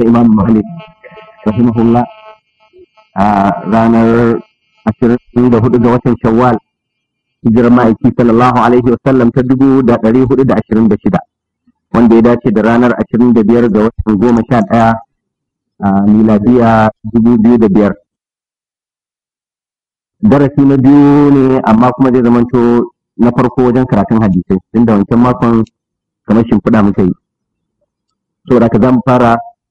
ta imam malik rahimahullah a ranar 24 ga watan shawwal hijirar ma'aiki sallallahu alaihi wasallam ta 426 wanda ya dace da ranar 25 ga watan goma sha daya a miladiya 2005 darasi na biyu ne amma kuma zai zamanto na farko wajen karatun hadisai inda wancan makon kamar shimfiɗa muka yi saboda ka zan fara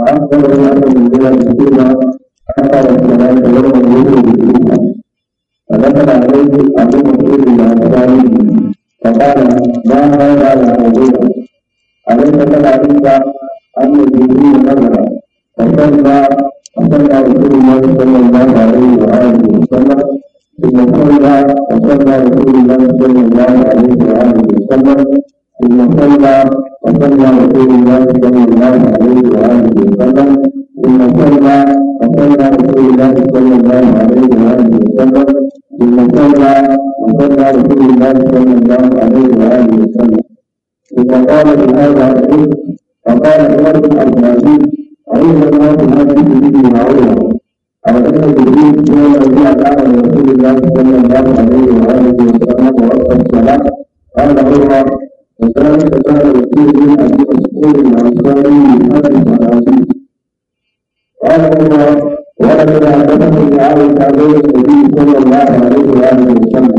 وأكثر الناس من بلاد الكلمة حتى الكلام يوم الوجود بالكلمة فدخل عليه أبو مسعود الأنصاري فقال ما هذا يا أبويا أليس قد علمت أن جبريل نزل فصلى فصلى رسول الله صلى الله عليه وآله وسلم ثم صلى وصلى رسول الله صلى الله عليه وآله وسلم ثم صلى وصلى رسول الله صلى الله عليه واله وسلم ثم صلى وصلى رسول الله صلى الله عليه واله وسلم ثم صلى وصلى رسول الله صلى الله عليه واله وسلم ثم قال في هذا الحديث فقال عمر بن عبد العزيز علم الله هذه به معروفه على ان جبريل هو الذي اتى رسول الله صلى الله عليه واله وسلم ووقف الصلاه قال عمر وذلك كان يقول من أبي مسعود الأنصاري من هذا الحديث قال هو ولقد أعتقد بعض عليه النبي صلى الله عليه وآله وسلم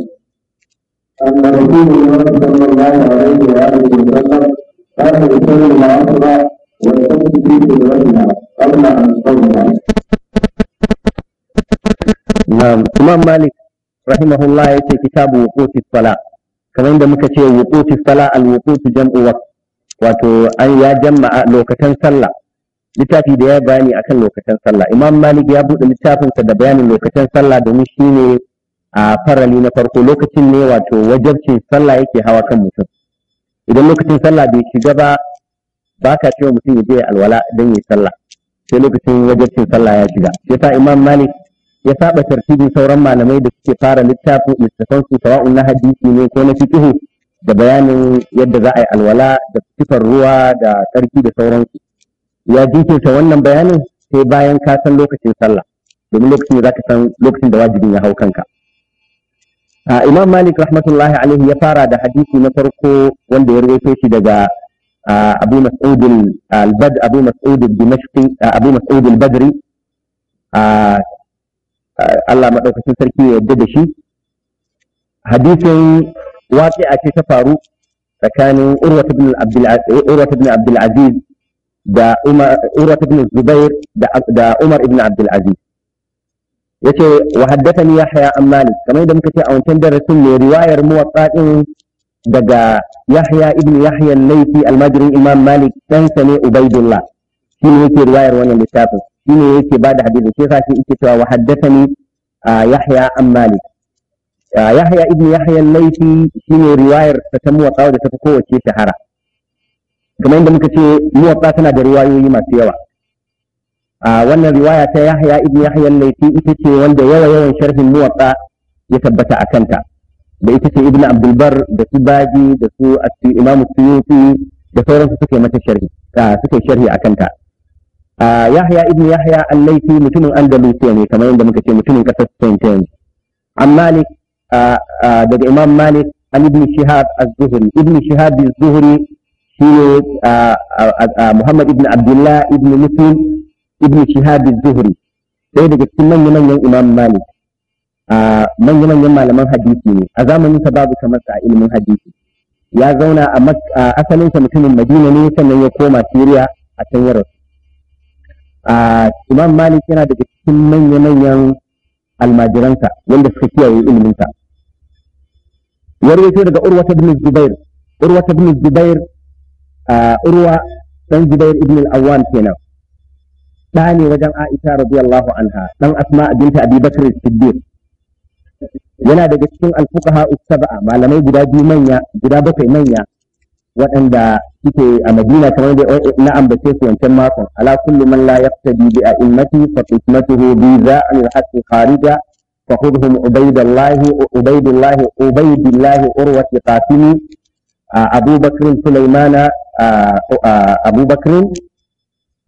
أن رسول الله صلى الله عليه وآله وسلم كان يصلي العصر والشمس في قدرتها قبل أن تصلي نعم الإمام مالك رحمه الله في كتاب وقوف الصلاة kamar da muka ce wuqutu sala al wuqutu jam'u waqt wato an ya jama'a lokacin sallah littafi da ya bayani akan lokacin sallah imam malik ya buɗe littafinsa da bayanin lokacin sallah domin shine a farali na farko lokacin ne wato wajabcin sallah yake hawa kan mutum idan lokacin sallah bai shiga ba ba ka cewa mutum ya je alwala don yi sallah sai lokacin wajabcin sallah ya shiga sai sa imam malik ya saba tartibin sauran malamai da suke fara littafin littafan su sawa'un na hadisi ne ko na fiqh da bayanin yadda za a yi alwala da sifar ruwa da tsarki da sauransu ya jikinta wannan bayanin sai bayan ka san lokacin sallah domin lokacin da za ka san lokacin da wajibin ya hau kanka imam malik rahmatullahi alaihi ya fara da hadisi na farko wanda ya rawaito shi daga abu mas'ud al-bad abu mas'ud al-dimashqi abu mas'ud al-badri Allah maɗaukacin sarki ya yarda da shi hadisin waƙi a ce ta faru tsakanin urwata bin abdulaziz da urwata zubair da umar ibn abdulaziz ya ce wa haddata ni yahya an malik kamar da muka ce a wancan darasin ne riwayar muwatsa ɗin daga yahya ibn yahya laifi almajirin imam malik ɗansa ne ubaidullah shi ne yake riwayar wannan littafin shine yake ba da hadisi sai sai yake cewa wa haddathani yahya an malik yahya ibn yahya al-laythi shine riwayar ta ta wa da ta kowace shahara kamar yadda muka ce muwatta tana da riwayoyi masu yawa wannan riwaya ta yahya ibn yahya al-laythi ita ce wanda yawa yawan sharhin muwatta ya tabbata a kanta da ita ce ibn abdulbar da su baji da su As-Imam suyuti da sauransu suke mata sharhi suke sharhi a kanta Ah, yahya ibn yahya al mutumin andalusiya ne kamar yadda muka ce mutumin kasar spain ta yanzu malik ah, ah, daga imam malik an ibn shihab az-zuhri ibn shihab az-zuhri shi ne muhammad ibn abdullah ibn muslim ibn shihab az-zuhri Sai daga cikin manya-manyan imam malik manya-manyan malaman hadisi ne a zamanin sa babu kamar sa ilimin hadisi ya zauna a asalinsa mutumin madina ne sannan ya koma siriya a can ya rasu imam malik yana daga cikin manya-manyan almajiransa wanda suka kiyaye iliminsa ya rawaito daga urwa ta ibn zubair urwa ibn zubair urwa dan zubair ibn al-awwam kenan da ne wajen aisha radiyallahu anha dan asma binta abi bakr siddiq yana daga cikin al-fuqaha as-sab'a malamai guda biyu manya guda bakwai manya waɗanda suke a madina kamar da eh, na ambace su wancan makon ala kullu man la yaqtadi bi a'immati fa qismatuhu bi za'an al-haqqi kharija fa khudhum ubaydallahi ubaydillahi ubaydillahi urwati qatimi abubakr sulaymana abubakr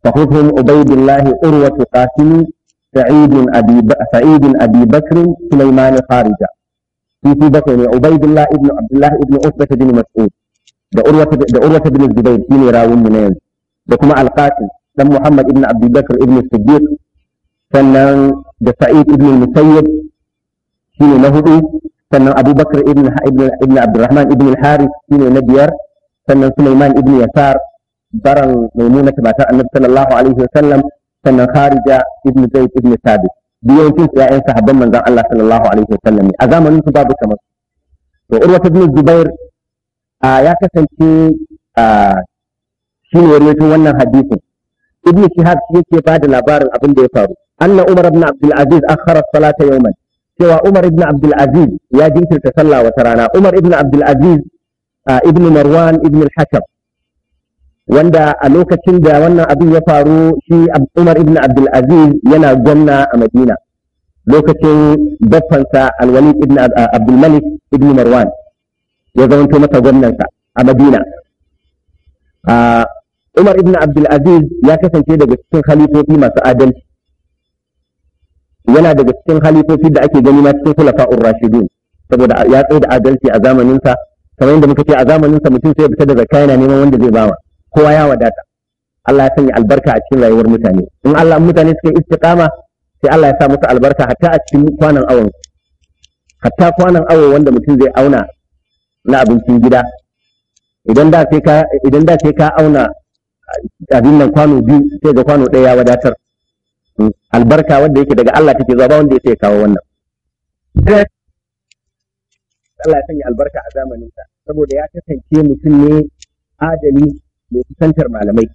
fa khudhum ubaydillahi urwati qatimi سعيد أبي ب... سعيد بكر سليمان في في بكر عبيد الله ابن عبد الله ابن بن مسعود ده أروة ده بن الزبير في نيراون منين ده كما القاسم ده محمد ابن عبد بكر ابن الصديق فنان ده سعيد ابن المسيب في نهضه فنان أبو بكر ابن ابن ابن عبد الرحمن ابن الحارث في نديار فنان سليمان ابن يسار برن ميمونة بعثاء النبي صلى الله عليه وسلم فنان خارجة ابن زيد ابن ثابت بيوم كنت يا إنسى حبا من الله صلى الله عليه وسلم أزامن من سبابك مصر وأروة ابن الزبير ya kasance shi ne rawaito wannan hadisin ibnu shihab yake ba da labarin abin da ya faru anna umar ibn abdul aziz akhara salata yawman cewa umar ibn abdul aziz ya jinkirta sallah wata rana umar ibn abdul aziz ibn marwan ibn al-hakam wanda a lokacin da wannan abin ya faru shi umar ibn abdul aziz yana gwamna a madina lokacin baffansa alwalid ibn abdul malik ibn marwan ya zamanto masa gwamnansa a madina umar ibn abdulaziz ya kasance daga cikin halifofi masu adalci yana daga cikin halifofi da ake gani ma cikin khulafa'ur rashidun saboda ya tsaye da adalci a zamaninsa kamar yadda muka ce a zamaninsa mutum sai ya fita da zakka yana neman wanda zai bawa kowa ya wadata Allah ya sanya albarka a cikin rayuwar mutane in Allah mutane suka istiqama sai Allah ya sa musu albarka hatta a cikin kwanan awon hatta kwanan awo wanda mutum zai auna na abincin gida idan da sai ka auna abin nan kwano biyu sai ga kwano ɗaya ya wadatar hmm, albarka wanda yake daga Allah take zuwa ba wanda yake kawo wannan Allah ya sanya albarka a zamanin sa saboda ya kasance mutum ne adali mai kusantar malamai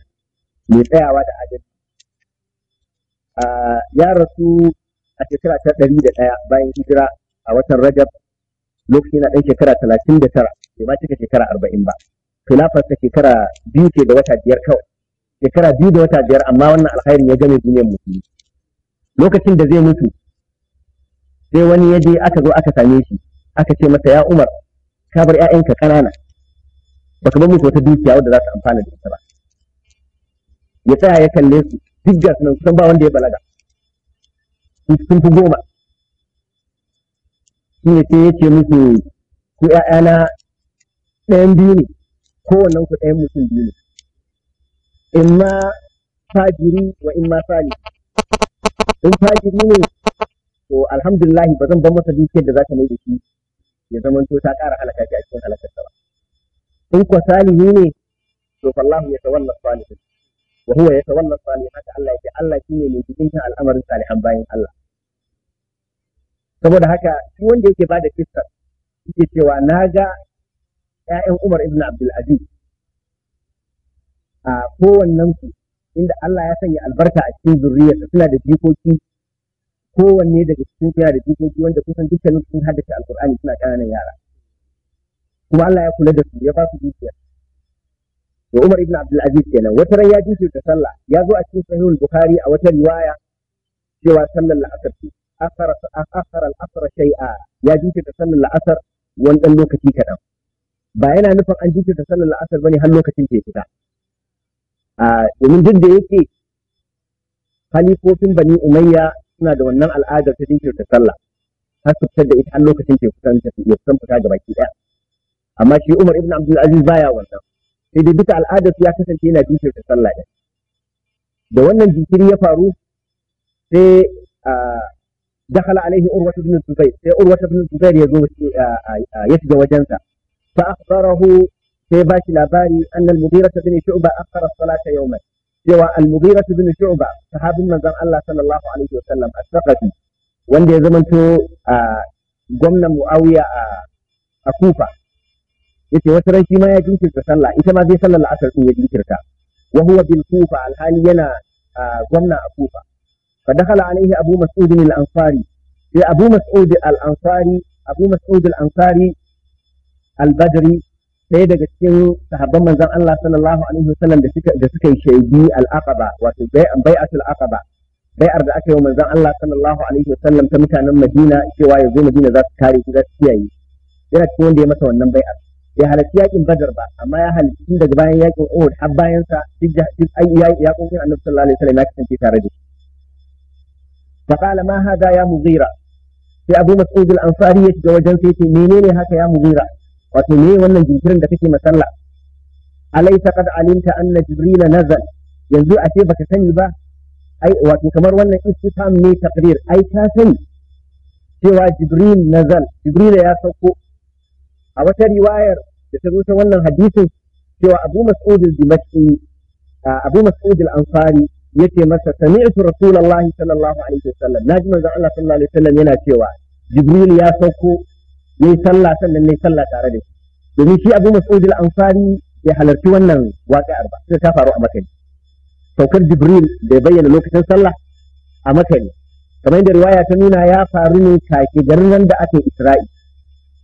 mai tsayawa da adali ya rasu a shekara ta ɗari da ɗaya bayan hijira a watan Rajab Lokaci na ɗan shekara talatin da tara bai ma cika shekara arba'in ba khilafarsa shekara biyu ke da wata biyar kawai shekara biyu da wata biyar amma wannan alkhairin ya game duniyar musulmi lokacin da zai mutu sai wani ya je aka zo aka same shi aka ce masa ya umar ka bar 'ya'yanka ƙanana ka bar musu wata dukiya wadda za su amfana da ita ba ya tsaya ya kalle su duk ga sunan kusan ba wanda ya balaga sun fi goma shine sai yake musu ku ƴaƴana ɗayan biyu ne kowannen ku ɗayan mutum biyu ne in ma fajiri wa in ma sali in fajiri ne to alhamdulillah ba zan bar masa dukiyar da za ta mai da shi ya zama to ta ƙara halaka shi a cikin halakar ba in ko salihi ne to fallahu ya tawalla salihu wa huwa ya tawalla salihu haka Allah ya ce Allah shine mai cikin al'amarin salihan bayan Allah saboda haka shi wanda yake ba da kissar yake cewa na ga ‘ya'yan Umar ibn Abdulaziz a kowannen su inda Allah ya sanya albarka a cikin zuriyarsa suna da jikoki kowanne daga cikin suna da jikoki wanda kusan dukkanin sun haddace alkur'ani suna ƙananan yara kuma Allah ya kula da su ya ba su dukiya da Umar ibn Abdulaziz kenan wata ran ya ji da sallah ya zo a cikin sahihul Bukhari a wata riwaya cewa sallar la'asar ce asara asara al-asr shay'a ya jinkirta sallar la'asar wani dan lokaci kaɗan ba yana nufin an jinkirta sallar la'asar bane har lokacin ta fita domin duk da yake halifofin bani umayya suna da wannan al'adar ta jinkirta sallah har su fitar da ita har lokacin ta kusan ya kusan fita ga baki ɗaya amma shi Umar ibn Abdul Aziz baya wannan sai dai duka al'adar ya kasance yana jinkirta sallah ɗin da wannan jinkiri ya faru sai dakhala alaihi urwatu ibn zubair sai urwatu ibn zubair ya zo ya shiga wajensa fa akhbarahu sai ba shi labari anna al-mughira ibn shu'ba akhara salata yawman cewa al-mughira ibn shu'ba sahabin manzon Allah sallallahu alaihi wa sallam as-saqafi wanda ya zamanto gwamnan muawiya a kufa yace wata ran shi ma ya jinkirta sallah ita ma zai sallar la'asar din ya jinkirta bil kufa alhali yana gwamna a kufa fa dakhala alaihi abu mas'ud al-ansari sai abu mas'ud al-ansari abu sai daga cikin sahabban manzon Allah sallallahu alaihi wasallam da suka da suka yi shaidi al-aqaba wato bai'atul aqaba bai'ar da aka yi wa manzon Allah sallallahu alaihi wasallam ta mutanen Madina cewa ya zo Madina za su kare shi za su kiyaye yana cikin wanda ya masa wannan bai'ar ya halarci yakin Badar ba amma ya halarci daga bayan yakin Uhud har bayan sa duk ya yakin Annabi sallallahu alaihi wasallam ya kasance tare da shi فقال ما ya يا مغيرة sai abu mas'ud al-ansari ya shiga wajen sai menene haka ya mugira wato me wannan jinkirin da kake masalla alaysa qad alimta anna jibril nazal yanzu a ce baka sani ba ai kamar wannan istifham ne taqrir ai ka sani cewa jibril nazal Jibrila ya sauko a wata riwayar da ta zo ta wannan hadisin cewa abu mas'ud al abu mas'ud al-ansari yace masa sami'tu rasulullahi sallallahu alaihi wasallam naji manzon Allah sallallahu alaihi wasallam yana cewa jibril ya sauko yayi sallah sannan yayi sallah tare da shi domin shi abu mas'ud al-ansari ya halarci wannan waƙi'ar ba sai ta faru a makani saukar jibril da bayyana lokacin sallah a makani kamar da riwaya ta nuna ya faru ne kake garin nan da aka yi isra'i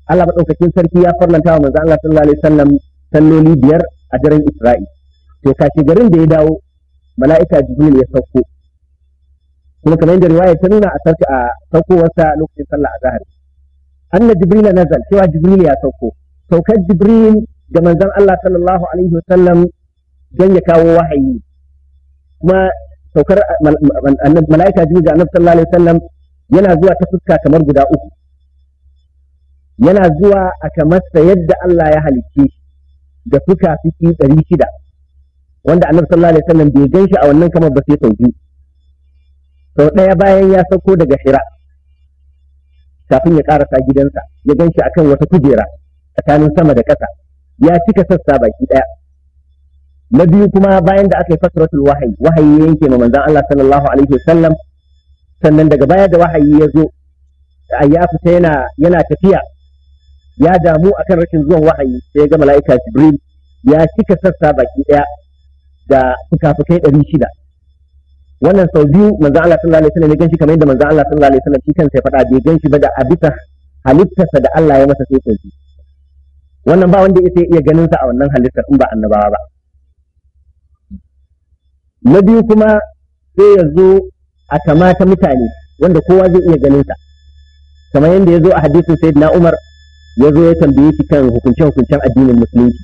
Allah madaukakin sarki ya farlanta wa manzon Allah sallallahu alaihi wasallam salloli biyar a daren isra'i to kake garin da ya dawo mala'ika jibril ya sauko kuma kamar yadda riwaya ta nuna a a saukowarsa lokacin sallah a zahar anna jibril nazal cewa jibril ya sauko saukar jibril ga manzon Allah sallallahu alaihi wasallam don ya kawo wahayi kuma saukar mala'ika jibril ga annabi sallallahu alaihi wasallam yana zuwa ta fuska kamar guda uku yana zuwa a kamar yadda Allah ya halicce shi da fuka fiki ɗari shida wanda annabi sallallahu alaihi wasallam bai gan shi a wannan kamar ba sai sau biyu sau ɗaya bayan ya sauko daga hira kafin ya ƙarasa gidansa ya gan shi akan wata kujera tsakanin sama da ƙasa ya cika sassa baki ɗaya na biyu kuma bayan da aka yi fasratul wahayi wahayi ya yanke ma manzon Allah sallallahu alaihi wasallam sannan daga baya da wahayi ya zo ya fita yana yana tafiya ya damu akan rashin zuwan wahayi sai ya ga mala'ika Jibril ya cika sassa baki ɗaya da fukafukai ɗari shida wannan sau biyu manzan Allah sun alaihi ne gan ganshi kamar yadda manzan Allah sun alaihi ne shi sai faɗa bai ganshi ba da bisa halittarsa da Allah ya masa sai sau biyu wannan ba wanda ya iya ganin sa a wannan halittar in ba annabawa ba na biyu kuma sai ya zo a kamata mutane wanda kowa zai iya ganin sa kamar yadda ya zo a hadisin sayyidina Umar ya zo ya tambaye shi kan hukunce-hukuncen addinin musulunci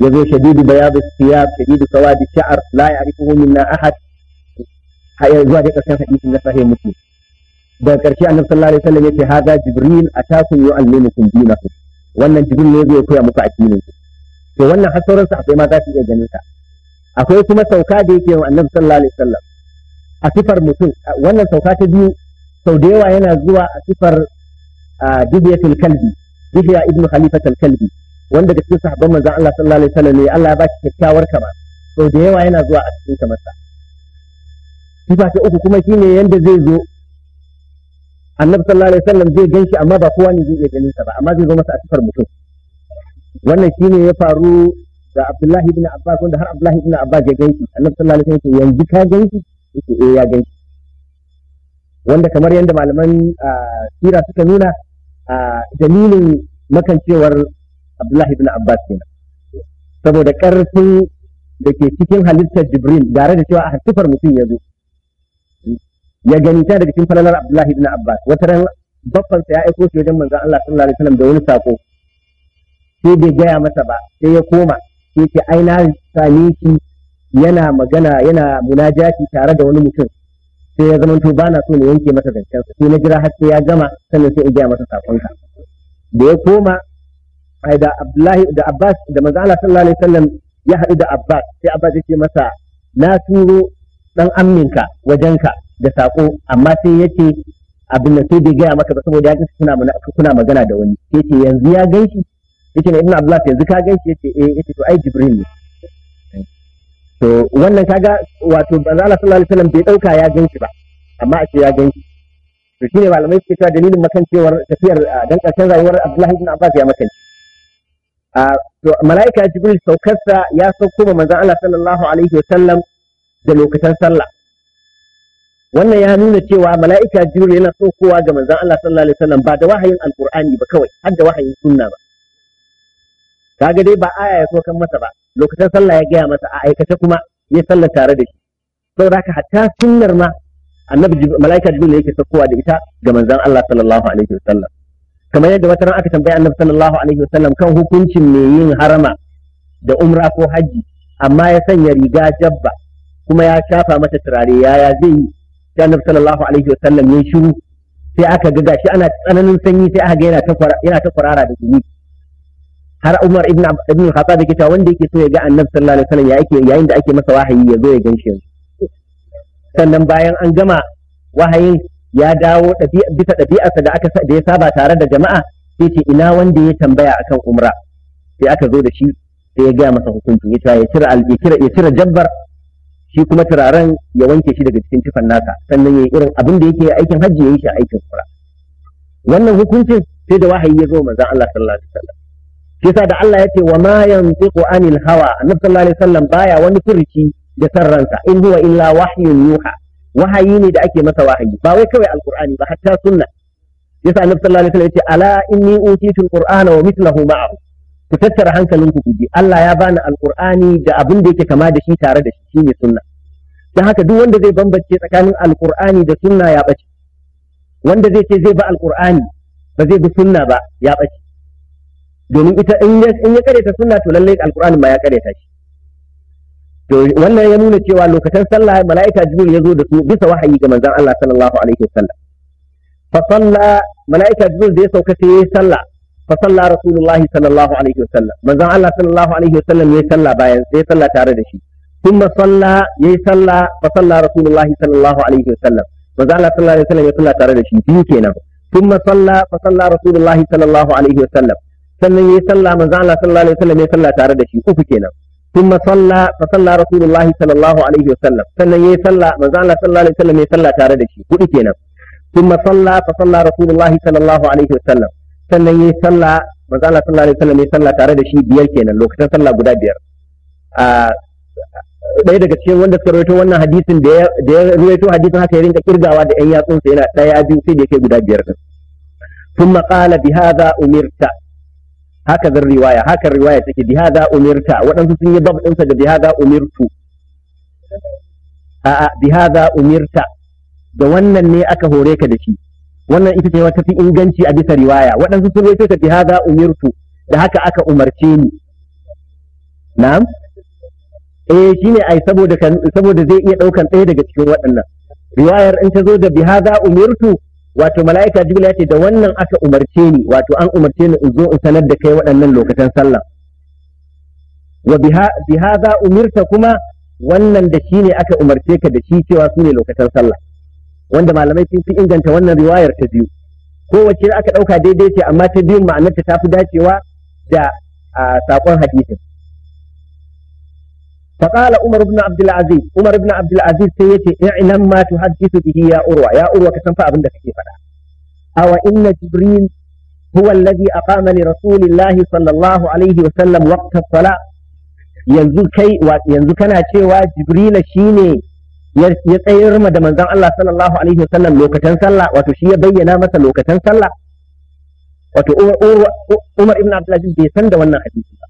yazo shadidu bayadu siyab shadidu sawadi sha'ar la ya'rifuhu minna ahad haya zuwa da karshen hadisin na sahih muslim da karshe annabi sallallahu alaihi wasallam yace hada jibril atakum yu'allimukum dinakum wannan jibril ne zai koya muku addinin ku wannan har sauransu akwai ma iya ganin akwai kuma sauka da yake wa annabi sallallahu alaihi wasallam a sifar mutum wannan sauka ta biyu sau da yawa yana zuwa a sifar dibiyatul kalbi dibiya ibnu khalifatul kalbi wanda daga cikin sahabban manzon Allah sallallahu alaihi wasallam ne Allah ya baki shi kyakkyawar kama to da yawa yana zuwa a cikin kamarsa sifa ta uku kuma shine yanda zai zo annabi sallallahu alaihi wasallam zai ganshi amma ba kowa ne zai iya ganin sa ba amma zai zo masa a sifar mutum wannan shine ya faru da Abdullahi ibn Abbas wanda har Abdullahi ibn Abbas ya ganshi annabi sallallahu alaihi wasallam yanzu ka ganshi yake eh ya ganshi wanda kamar yadda malaman ah, sira suka nuna ah, dalilin makancewar abdullahi ibn abbas kenan saboda ƙarfin da ke cikin halittar jibril gare da cewa a sifar mutum ya zo ya gani ta daga cikin falalar abdullahi ibn abbas wata ran baffansa ya aiko shi wajen manzon Allah sallallahu alaihi wasallam da wani sako sai bai gaya masa ba sai ya koma sai ce ai na same shi yana magana yana munajati tare da wani mutum sai ya zama to na so na yanke masa zancen sai na jira har sai ya gama sannan sai in gaya masa sakonka da ya koma da Abdullahi da Abbas da manzo Allah sallallahu alaihi wasallam ya haɗu da Abbas sai Abbas ya ce masa na turo dan amminka wajenka da saƙo. amma sai yace abin da sai bai gaya maka ba saboda ya ga kuna kuna magana da wani sai ce yanzu ya gaishe yace na Ibnu Abdullah yanzu ka gaishe yace eh yace to ai Jibril ne to wannan kaga wato manzo Allah sallallahu alaihi wasallam bai dauka ya ganshi ba amma a ce ya ganshi to shine malamai suke cewa dalilin makancewar tafiyar dan karshen rayuwar Abdullahi ibn Abbas ya makance to mala'ika jibril saukarsa ya sauko ma manzon Allah sallallahu alaihi wa sallam da lokacin sallah wannan ya nuna cewa mala'ika jibril yana saukowa ga manzon Allah sallallahu alaihi wa sallam ba da wahayin alqur'ani ba kawai har da wahayin sunna ba kaga dai ba aya ya sokan masa ba lokacin sallah ya gaya masa a aikace kuma ya sallah tare da shi saboda haka hatta sunnar ma annabi mala'ika jibril yake saukowa da ita ga manzon Allah sallallahu alaihi wa sallam kamar yadda wata ran aka tambayi annabi sallallahu alaihi wasallam kan hukuncin mai yin harama da umra ko haji amma ya sanya riga jabba kuma ya shafa mata turare yaya zai yi sai annabi sallallahu alaihi wasallam ya shiru sai aka ga gashi ana tsananin sanyi sai aka ga yana ta yana ta kwarara da gumi har Umar ibn Abdul Khattab yake cewa wanda yake so ya ga annabi sallallahu alaihi wasallam ya yake yayin da ake masa wahayi ya zo ya ganshi sannan bayan an gama wahayin ya dawo bisa ɗabi'arsa da aka da ya saba tare da jama'a sai ce ina wanda ya tambaya akan umra sai aka zo da shi sai ya gaya masa hukunci ya ce ya cire ya cire jabbar shi kuma turaren ya wanke shi daga cikin tufan nasa sannan ya yi irin abin da yake aikin hajji ya yi shi aikin umra wannan hukuncin sai da wahayi ya zo manzon Allah sallallahu alaihi wasallam shi da Allah ya ce wa ma yantiqu anil hawa annabi sallallahu alaihi wasallam baya wani furuci da sarransa in huwa illa wahyun yuha wahayi ne da ake masa wahayi ba wai kawai alqur'ani ba hatta sunna yasa annabi sallallahu alaihi wasallam yace ala inni utitu alqur'ana wa mithluhu ma'ahu ku tattara hankalinku ku ji Allah ya bani alqur'ani da abin da yake kama da shi tare da shi shine sunna dan haka duk wanda zai bambance tsakanin alqur'ani da sunna ya bace wanda zai ce zai ba alqur'ani ba zai bi sunna ba ya bace domin ita in ya in ya sunna to lallai alqur'ani ma ya kareta shi wannan ya nuna cewa lokacin sallah mala'ika jibril ya zo da su bisa wahayi ga manzon Allah sallallahu alaihi wasallam fa salla mala'ika jibril da ya sauka sai ya sallah fa salla rasulullahi sallallahu alaihi wasallam manzon Allah sallallahu alaihi wasallam ya sallah bayan sai sallah tare da shi ثم صلى ya فصلى رسول الله صلى الله عليه وسلم manzo Allah sallallahu alaihi wasallam ya sallah tare da shi biyu kenan thumma salla fa salla rasulullahi sallallahu alaihi wasallam sannan ya sallah manzo Allah sallallahu alaihi wasallam ya sallah tare da shi uku kenan ثم صلى فصلى رسول الله صلى الله عليه وسلم sannan yayi sallah manzo Allah sallallahu alaihi wasallam yayi sallah tare da shi kudi kenan ثم صلى فصلى رسول الله صلى الله عليه وسلم sannan yayi sallah manzo Allah sallallahu alaihi wasallam yayi sallah tare da shi biyar kenan lokacin sallah guda biyar a ɗaya daga cikin wanda suka rawaito wannan hadisin da ya rawaito hadisin haka ya rinka kirgawa da ƴan yatsunsa yana daya biyu sai da yake guda biyar din ثم قال بهذا أمرت haka zan riwaya haka riwaya take bi hada umirta waɗansu sun yi bab ɗinsa da bi hada umirtu a'a bi hada umirta da wannan ne aka hore ka da shi wannan ita ce wata fi inganci a bisa riwaya waɗansu sun rawaito ta bi hada umirtu da haka aka umarce ni na'am eh shine ai saboda saboda zai iya daukan ɗaya daga cikin waɗannan riwayar in ta zo da bi hada umirtu wato mala'ika jibril ya ce da wannan aka umarce ni wato an umarce ni in zo in sanar da kai waɗannan lokacin sallah wa biha za umirta kuma wannan da shi ne aka umarce ka da shi cewa su ne lokacin sallah wanda malamai sun fi inganta wannan riwayar ta biyu kowace aka ɗauka daidai ce amma ta biyun ma'anarta ta fi dacewa da saƙon hadisin فقال عمر بن عبد العزيز عمر بن عبد العزيز سيتي اعلم ما تحدث به يا أروى يا أروى كسن فأبن كيف أو إن جبريل هو الذي أقام لرسول الله صلى الله عليه وسلم وقت الصلاة yanzu kai yanzu kana cewa jibrila shine ya tsayar ma da manzon Allah sallallahu alaihi wasallam lokacin sallah wato shi ya bayyana masa lokacin sallah wato Umar ibn Abdulaziz bai san da wannan hadisi ba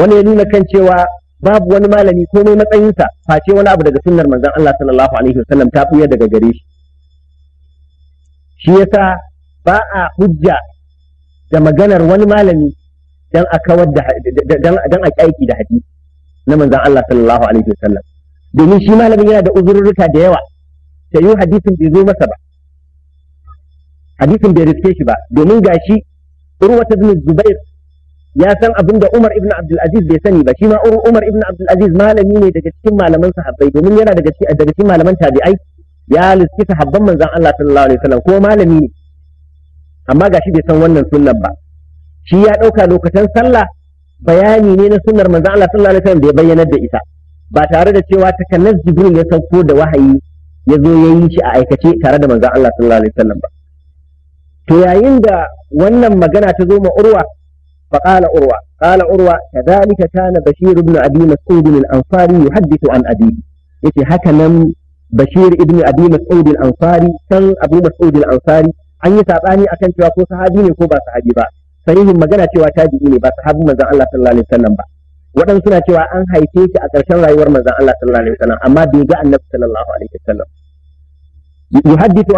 wani ya nuna kan cewa babu wani malami komai matsayinsa face wani abu daga sunnar manzon Allah sallallahu alaihi wasallam ta buya daga gare shi shi yasa ba a hujja da maganar wani malami dan a kawar da dan a kyaiki da hadisi na manzon Allah sallallahu alaihi wasallam domin shi malamin yana da uzurruka da yawa ta yi hadisin bai zo masa ba hadisin bai riske shi ba domin gashi urwata ibn zubair ya san abin da Umar ibn Abdul Aziz bai sani ba shi ma Umar ibn Abdul Aziz malami ne daga cikin malaman sahabbai domin yana daga cikin daga cikin malaman tabi'ai ya liski sahabban manzon Allah sallallahu alaihi wasallam ko malami ne amma gashi bai san wannan sunnar ba shi ya dauka lokacin sallah bayani ne na sunnar manzon Allah sallallahu alaihi wasallam da ya bayyanar da ita ba tare da cewa takannas Jibril ya sauko da wahayi ya zo ya yi shi a aikace tare da manzon Allah sallallahu alaihi wasallam ba to yayin da wannan magana ta zo ma urwa فقال أروى قال أروى كذلك كان بشير بن أبي مسعود الأنصاري يحدث عن أبيه يتي هكذا بشير أبي مسعود الأنصاري كان أبو مسعود الأنصاري an yi saɓani a cewa ko sahabi ne ko ba ba sahihin magana cewa tabi'i ne waɗansu suna cewa an haife shi a ƙarshen rayuwar manzon Allah sallallahu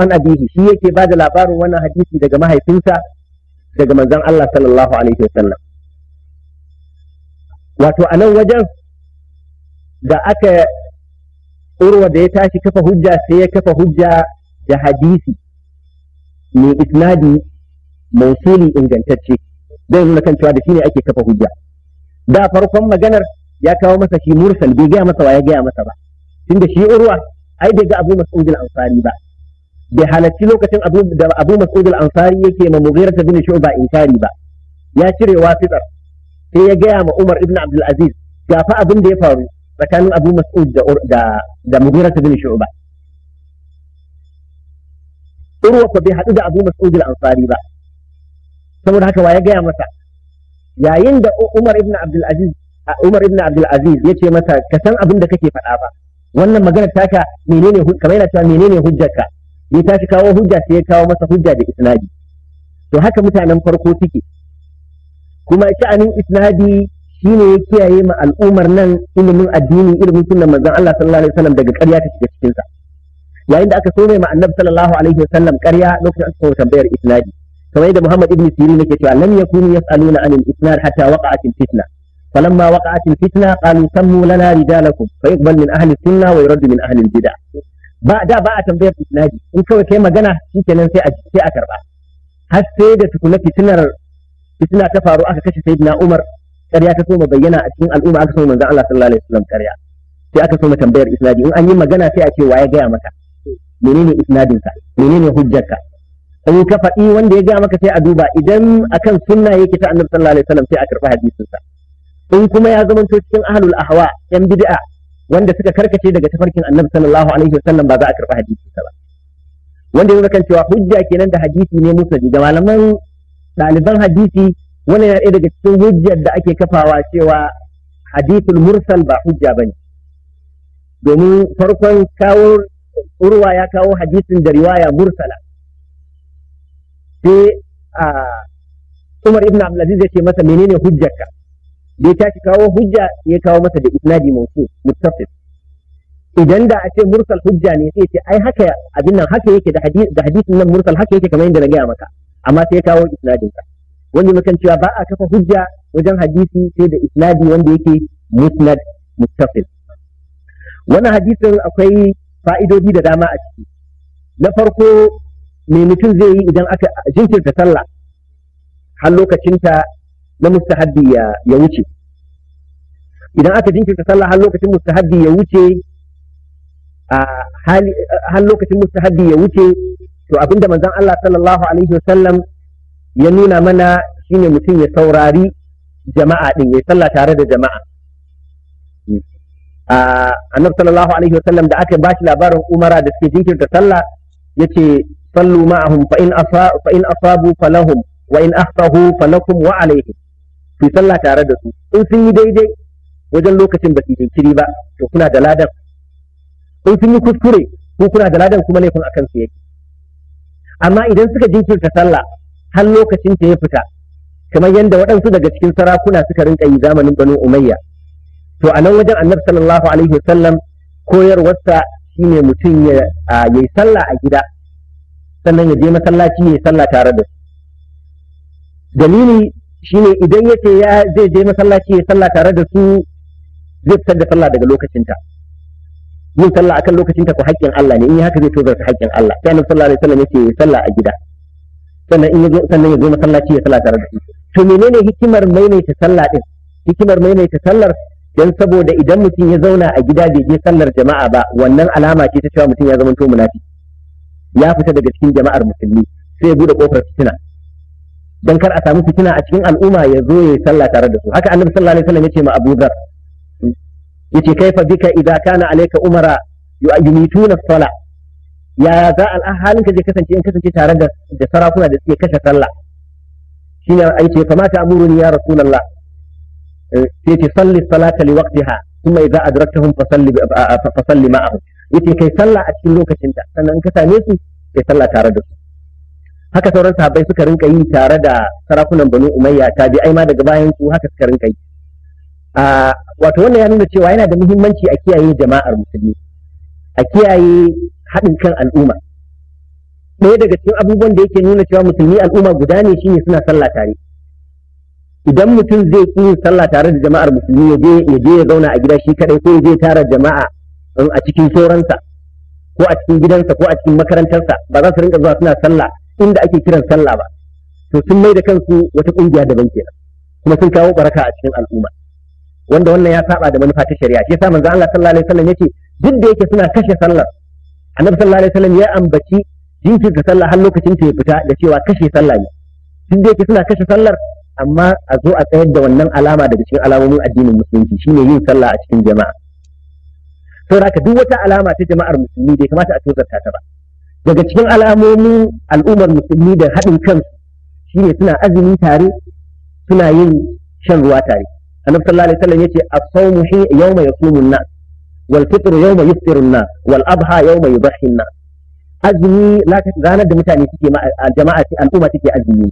alaihi shi yake labarin wannan hadisi daga mahaifinsa daga manzon Allah sallallahu alaihi wasallam wato a nan wajen da aka urwa da ya tashi kafa hujja sai ya kafa hujja da hadisi mai isnadi mausuli ingantacce zai nuna kan cewa da shi ne ake kafa hujja da farkon maganar ya kawo masa shi mursal bai gaya masa wa ya gaya masa ba tunda shi urwa ai bai ga abu mas'udin amfani ba bai halarci lokacin abu da abu mas'ud al-ansari yake ma mughira bin shu'ba inkari ba ya cire wafitar sai ya gaya ma umar ibn abdul aziz ga fa abin da ya faru tsakanin abu mas'ud da da da mughira bin shu'ba urwa bai hadu da abu mas'ud al-ansari ba saboda haka wa ya gaya masa yayin da Umar ibn Abdul Aziz Umar ibn Abdul Aziz yace masa ka san abin da kake faɗa ba wannan magana taka menene kamar yana cewa menene hujjarka ya tashi kawo hujja sai ya kawo masa hujja da isnadi to haka mutanen farko suke kuma sha'anin isnadi shine ya kiyaye ma al'ummar nan ilimin addini ilimin sunan manzon Allah sallallahu alaihi wasallam daga ƙarya ta shiga cikin sa yayin da aka so ma annabi sallallahu alaihi wasallam ƙarya lokacin aka kawo tambayar isnadi kamar yadda Muhammad ibn Sirin yake cewa lam yakunu yas'aluna anil isnad hatta waqa'at fitna فلما وقعت الفتنة قالوا سموا لنا رجالكم فيقبل من أهل السنة ويرد من أهل البدع ba da ba a tambayar isnadi in kawai kai magana shikenan sai a sai a karba har sai da tukuna fitinar fitina ta faru aka kashe sayyidina Umar ƙarya ta soma bayyana a cikin al'umma aka soma manzon Allah sallallahu alaihi wasallam ƙarya sai aka soma tambayar isnadi in an yi magana sai a ce wa ya gaya maka menene ka menene hujjarka in ka faɗi wanda ya gaya maka sai a duba idan akan sunna yake ta annabi sallallahu alaihi wasallam sai a karba hadisin sa in kuma ya zama cikin ahlul ahwa yan bid'a wanda suka karkace daga tafarkin annabi sallallahu alaihi wasallam ba za a karba hadisi sa ba wanda yanzu kan cewa hujja kenan da hadisi ne musnadi ga malaman daliban hadisi wani yana daga cikin hujjar da ake kafawa cewa hadithul mursal ba hujja bane domin farkon kawo urwa ya kawo hadisin da riwaya mursala sai a ah, Umar ibn Abdulaziz ya ce masa menene ka. Bai tashi kawo hujja ya kawo mata da isnadi mawsu muttasil idan da a ce mursal hujja ne sai ce ai haka abin nan haka yake da hadisin nan mursal haka yake kamar yadda na gaya maka amma sai ya kawo isnadin sa wanda mukan cewa ba a kafa hujja wajen hadisi sai da isnadi wanda yake musnad muttasil wannan hadisin akwai fa'idodi da dama a ciki na farko me mutum zai yi idan aka jinkirta sallah har lokacinta na mustahabbi ya wuce idan aka jinkirta sallah har lokacin mustahabbi ya wuce har lokacin mustahabbi ya wuce to abinda manzon Allah sallallahu alaihi wasallam ya nuna mana shine mutum ya saurari jama'a din ya sallah tare da jama'a annabi sallallahu alaihi wasallam da aka bashi labarin umara da suke jinkirta sallah yace sallu ma'ahum fa in afa fa in asabu falahum wa in akhtahu falakum wa alaihim ku sallah tare da su in sun yi daidai wajen lokacin ba su jinkiri ba to kuna da ladan in sun yi kuskure ko kuna da ladan kuma laifin akan su yake amma idan suka jinkirta sallah har lokacin ta ya fita kamar yadda waɗansu daga cikin sarakuna suka rinka yi zamanin banu umayya to a nan wajen annabi sallallahu alaihi wasallam koyarwarsa shine mutum ya yi sallah a gida sannan ya je masallaci ya yi sallah tare da su dalili shine idan yace ya zai je masallaci ya sallah tare da su zai fitar da sallah daga lokacinta yin sallah akan lokacinta ko haƙƙin Allah ne in yi haka zai ta haƙƙin Allah sai annabi sallallahu alaihi wasallam yace ya sallah a gida sannan in ya sannan ya zo masallaci ya sallah tare da su to menene hikimar maimaita sallah din hikimar maimaita sallar dan saboda idan mutum ya zauna a gida bai je sallar jama'a ba wannan alama ce ta cewa mutum ya zama to munafi ya fita daga cikin jama'ar musulmi sai ya bude kofar fitina dan kar a samu fitina a cikin al'umma ya zo ya sallah tare da su haka annabi sallallahu alaihi wasallam yace ma Abu Dhar yace kaifa bika idza kana alayka umara yumituna as-sala ya za al'an halin ka zai kasance in kasance tare da da sarakuna da suke kashe sallah shine ai ce kamata amuruni ya rasulullah eh, sai ce salli salata li waqtiha kuma idza adraktahum fasalli fasalli ma'ahum yace kai sallah a cikin lokacinta sannan in ka same su kai sallah tare da su haka sauran sahabbai suka rinka yi tare da sarakunan banu umayya ta tabi'ai ma daga bayan su haka suka rinka yi a wato wannan ya nuna cewa yana da muhimmanci a kiyaye jama'ar musulmi a kiyaye haɗin kan al'umma ɗaya daga cikin abubuwan da yake nuna cewa musulmi al'umma guda ne shine suna sallah tare idan mutum zai yi sallah tare da jama'ar musulmi ya je ya je ya zauna a gida shi kadai ko ya je tara jama'a um, a cikin sauransa ko a cikin gidansa ko a cikin makarantarsa ba za su rinka zuwa suna sallah inda ake kiran sallah ba to sun mai da kansu wata kungiya daban kenan kuma sun kawo baraka a cikin al'umma wanda wannan ya saba da manufa ta shari'a shi yasa manzo Allah sallallahu alaihi wasallam yace duk da yake suna kashe sallar annabi sallallahu alaihi wasallam ya ambaci jinkirta sallah har lokacin ta ya fita da cewa kashe sallah ne duk da yake suna kashe sallar amma a zo a tsayar da wannan alama daga cikin alamomin addinin musulunci shine yin sallah a cikin jama'a saboda haka duk wata alama ta jama'ar musulmi bai kamata a tozarta ta ba daga cikin al'amomin al'ummar musulmi da haɗin kansu shine suna azumi tare suna yin shan ruwa tare annabi sallallahu alaihi wasallam yace as-sawmu yawma yasumun nas wal fitru yawma yuftirun nas wal adha yawma yudhhin nas azumi ranar da mutane suke jama'a al'umma suke azumi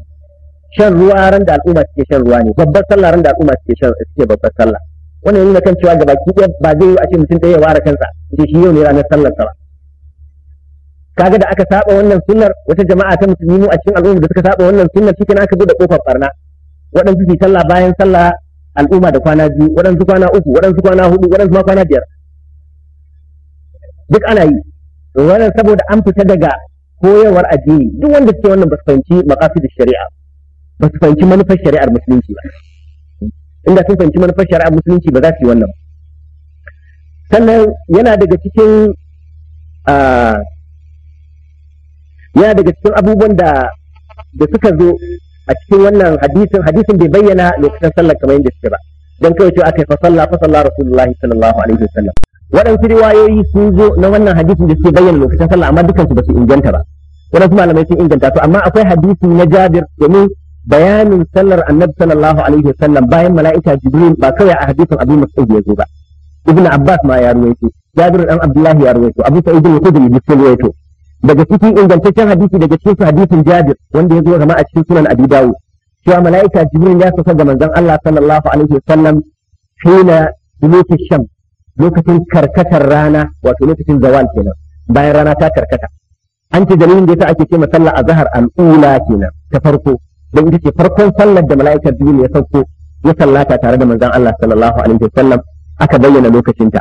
shan ruwa ran da al'umma suke shan ruwa ne babbar sallah ran da al'umma suke shan suke babbar sallah wannan yana kan cewa gabaki ɗaya ba zai yi a ce mutum ɗaya ya ware kansa ce shi yau ne ranar sallar sa kaga da aka saba wannan sunnar wata jama'a ta musulmi mu a cikin al'umma da suka saba wannan sunnar shi aka zo da kofar barna waɗansu su sallah bayan sallah al'umma da kwana biyu waɗansu kwana uku waɗansu kwana hudu waɗansu ma kwana biyar duk ana yi wannan saboda an fita daga koyarwar addini duk wanda suke wannan ba su fahimci da shari'a ba su fahimci manufar shari'ar musulunci ba inda sun fahimci manufar shari'ar musulunci ba za su yi wannan sannan yana daga cikin ah, yana daga cikin abubuwan da da suka zo a cikin wannan hadisin hadisin bai bayyana lokacin sallar kamar yadda suke ba dan kawai cewa aka fa sallah fa sallah rasulullahi sallallahu alaihi wasallam waɗansu riwayoyi sun zo na wannan hadisin da suke bayyana lokacin sallah amma dukansu ba su inganta ba waɗansu malamai sun inganta su amma akwai hadisi na Jabir domin bayanin sallar annabi sallallahu alaihi wasallam bayan mala'ika Jibril ba kawai a hadisin Abu Mas'ud ya zo ba Ibn Abbas ma ya ruwaito Jabir dan Abdullahi ya ruwaito Abu Sa'id al-Khudri ya ruwaito daga cikin ingantaccen hadisi daga cikin hadisin Jabir wanda ya zo zama a cikin sunan Abi Dawud cewa mala'ika Jibril ya saka ga manzon Allah sallallahu alaihi wasallam hina duluki sham lokacin karkatar rana wato lokacin zawal kenan bayan rana ta karkata an ce dalilin da yasa ake ce sallar azhar al-ula kenan ta farko don ita ce farkon sallar da mala'ikar Jibril ya sauko ya sallata tare da manzon Allah sallallahu alaihi wasallam aka bayyana lokacinta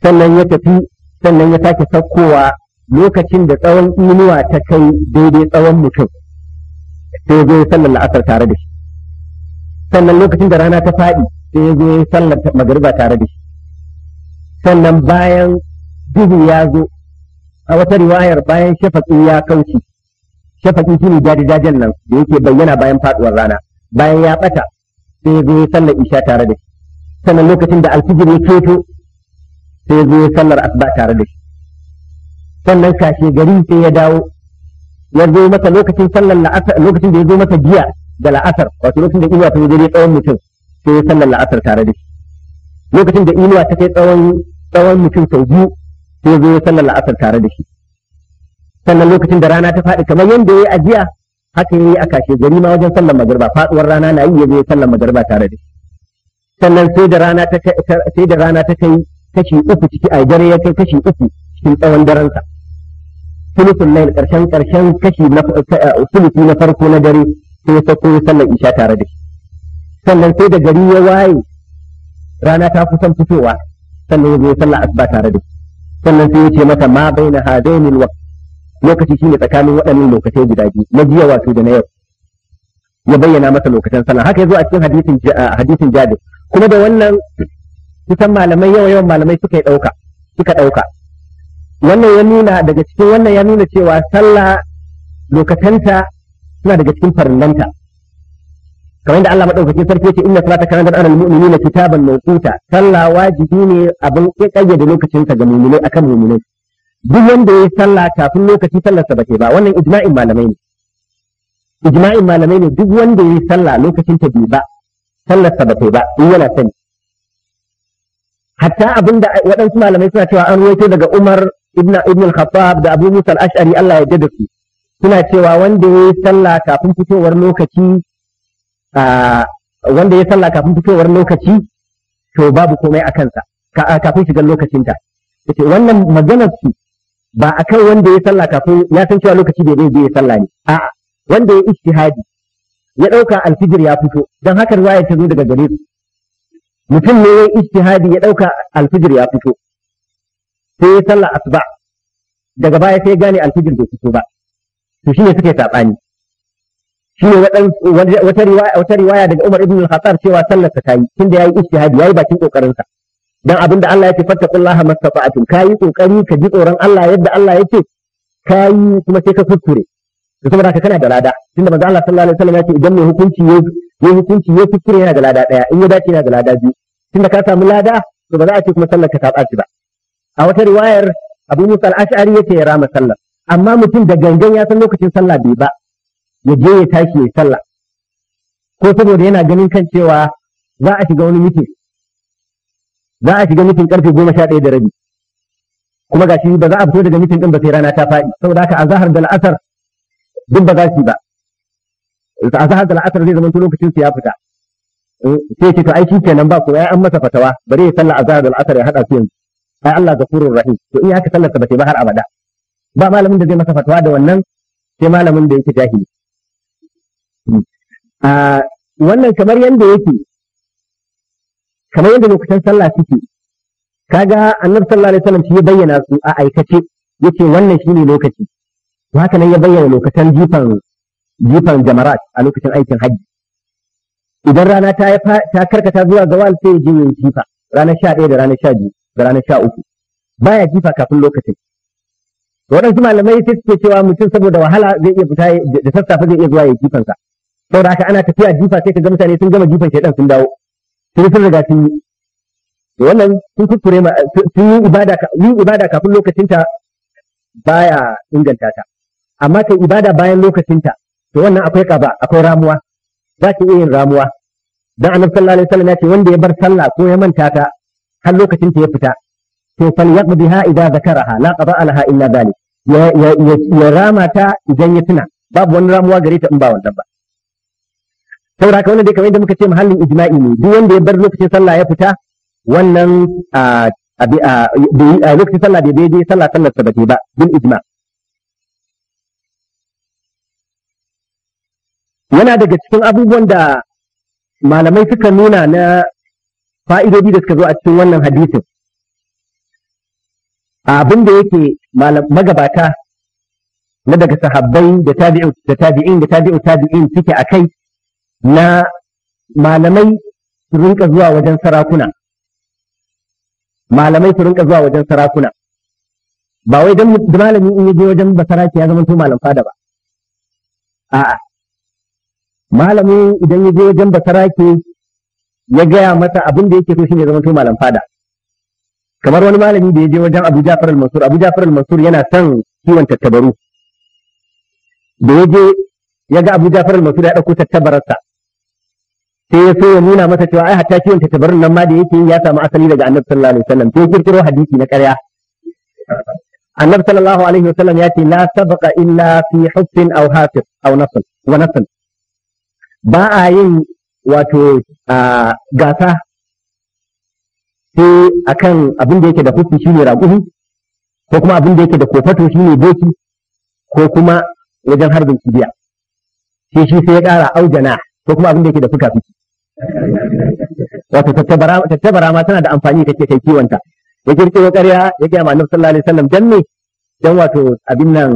sannan ya tafi sannan ya sake saukowa lokacin da tsawon inuwa ta kai daidai tsawon mutum sai zo sallar la'asar tare da shi sannan lokacin da rana ta faɗi sai zai zo sallar magariba tare da shi sannan bayan duhu ya zo a wata riwayar bayan shafaƙi ya kauce shafaƙi ne jajajajen nan da yake bayyana bayan faɗuwar rana bayan ya ɓata sai zai zo sallar isha tare da shi sannan lokacin da alfijir ya keto sai zai zo sallar asuba tare da shi sannan kashe gari sai ya dawo ya zo mata lokacin sallar la'asar lokacin da ya zo mata jiya da la'asar wato lokacin da inuwa ta gari tsawon mutum sai ya sallar la'asar tare da shi lokacin da inuwa ta kai tsawon tsawon mutum sau biyu sai ya zo ya sallar la'asar tare da shi sannan lokacin da rana ta faɗi kamar yadda ya yi ajiya haka ya yi a kashe gari ma wajen sallar magarba faɗuwar rana na yi ya zo ya sallar magarba tare da shi sannan sai da rana ta kai kashi uku ciki a gare ya kai kashi uku cikin tsawon darensa sulusun lail karshen karshen kashi na sulusi na farko na dare sai ya sauko ya sallar isha tare da shi sannan sai da gari ya waye rana ta kusan fitowa sannan ya zo sallar asuba tare da shi sannan sai ya ce mata ma baina hadainil waqt lokaci shine tsakanin waɗannan lokacin guda biyu na jiya wato da na yau ya bayyana masa lokacin sallah haka ya zo a cikin hadisin hadisin Jabir kuma da wannan kusan malamai yawa yawan malamai suka yi ɗauka, suka ɗauka. wannan ya nuna daga cikin wannan ya nuna cewa sallah lokacinta suna daga cikin farillanta kamar da Allah madaukakin sarki yace inna salata kana da alal mu'minina kitaban mawquta sallah wajibi ne abin ya kayyade lokacinta ta ga mu'minai akan mu'minai duk wanda ya sallah kafin lokaci sallar sa bace ba wannan ijma'in malamai ne ijma'in malamai ne duk wanda ya sallah lokacin ta bai ba sallar sa bace ba in yana sani hatta abinda waɗansu malamai suna cewa an ruwaito daga Umar ibn ibn al-khattab da abu musa al-ash'ari Allah ya da su suna cewa wanda ya yi sallah kafin fitowar lokaci wanda ya sallah kafin fitowar lokaci to babu komai a kansa kafin shigar lokacinta yace wannan maganar su ba a kan wanda ya sallah kafin ya san cewa lokaci da zai ya sallah ne a'a wanda ya ijtihadi ya dauka alfijir ya fito dan haka riwaya ta zo daga gare su mutum ne ya ijtihadi ya dauka alfijir ya fito sai ya sallah asuba daga baya sai ya gane alfijir bai fito ba to shine suke sabani shine wata riwaya wata riwaya daga Umar ibn al-Khattab cewa sallar ta kai tunda yayi ijtihadi yayi bakin kokarin sa dan abinda Allah yake fattaqullaha mastata'atun kayi kokari ka ji tsoron Allah yadda Allah yake kayi kuma sai ka kuskure to saboda haka kana da lada tunda manzo Allah sallallahu alaihi wasallam ya ce idan mai hukunci ya yi hukunci ya kuskure yana da lada daya in ya dace yana da lada biyu tunda ka samu lada to ba za a ce kuma sallar ka ta ɓaci ba a wata riwayar abu musa al'ashari yake ya rama sallah amma mutum da gangan ya san lokacin sallah bai ba ya je ya tashi ya sallah ko saboda yana ganin kan cewa za a shiga wani mitin za a shiga mitin karfe goma sha ɗaya da rabi kuma gashi ba za a fito daga mitin ɗin ba sai rana ta faɗi saboda haka zahar da la'asar duk ba za su ba A zahar da la'asar zai zama lokacin su ya fita eh, sai ce to aiki kenan ba ko ya an masa fatawa bari ya sallah zahar da la'asar ya haɗa su yanzu ai Allah ghafurur rahim to in haka sallarsa ba ta ba har abada ba malamin da zai masa fatawa da wannan sai malamin da yake jahili hmm. a wannan kamar yanda yake kamar yanda lokutan sallah suke kaga annabi sallallahu alaihi wasallam shi ya bayyana su a aikace yace wannan shine lokaci to haka nan ya bayyana lokutan jifan jifan jamarat a lokacin aikin hajji idan rana ta ta karkata zuwa zawal sai ya jifa ranar sha ɗaya da ranar sha biyu da ranar sha uku baya jifa kafin lokacin waɗansu malamai sai suke cewa mutum saboda wahala zai iya fita da sassafe zai iya zuwa ya jifansa saboda haka ana tafiya jifa sai ka ga mutane sun gama jifan shaidan sun dawo sun sun riga sun yi wannan sun kuskure ma sun yi ibada yin ibada kafin lokacinta baya inganta ta amma kai ibada bayan lokacinta to wannan akwai kaba akwai ramuwa za ki iya yin ramuwa dan annabi sallallahu alaihi wasallam ya ce wanda ya bar sallah ko ya manta ta har lokacin ta ya fita to fal yaqdiha idza zakaraha la qada'a laha illa dhalik ya rama ta idan ya tuna babu wani ramuwa gare ta in ba wannan ba saboda haka wannan dai kamar yadda muka ce mahallin ijma'i ne duk wanda ya bar lokacin sallah ya fita wannan a lokacin sallah bai daidai sallah sallar sa ba bil ijma yana daga cikin abubuwan da malamai suka nuna na fa'idodi da suka zo a cikin wannan hadisin abin da yake magabata na daga sahabbai da tabi'in da tabi'in da tabi'in suke a kai na malamai su rinka zuwa wajen sarakuna malamai su rinka zuwa wajen sarakuna ba wai don malami in je wajen basaraki ya zama to malam fada ba a'a malamin idan ya je wajen basaraki ya gaya mata abin da yake so shine zama to malam fada kamar wani malami da ya je wajen Abu Ja'far al-Mansur Abu Ja'far al-Mansur yana son kiwon tattabaru da ya je ya ga Abu Ja'far al-Mansur ya dauko tattabararsa sai ya so ya nuna masa cewa ai hatta kiwon tattabarun nan ma da yake ya samu asali daga Annabi sallallahu alaihi wasallam sai kirkiro hadisi na ƙarya Annabi sallallahu alaihi wasallam ya ce la sabaqa illa fi hubbin aw hasib aw nasl wa nasl ba a yin wato gasa sai akan abin da yake da fuski shine raguhu, ko kuma abin da yake da kofato shine boki, ko kuma wajen harbin kibiya sai shi sai ya ƙara aujana ko kuma abin da yake da fuka fuki wato tattabara ma tana da amfani kake kai kiwonta ya kirkiro ƙarya ya gaya ma annabi sallallahu alaihi wasallam dan me dan wato abin nan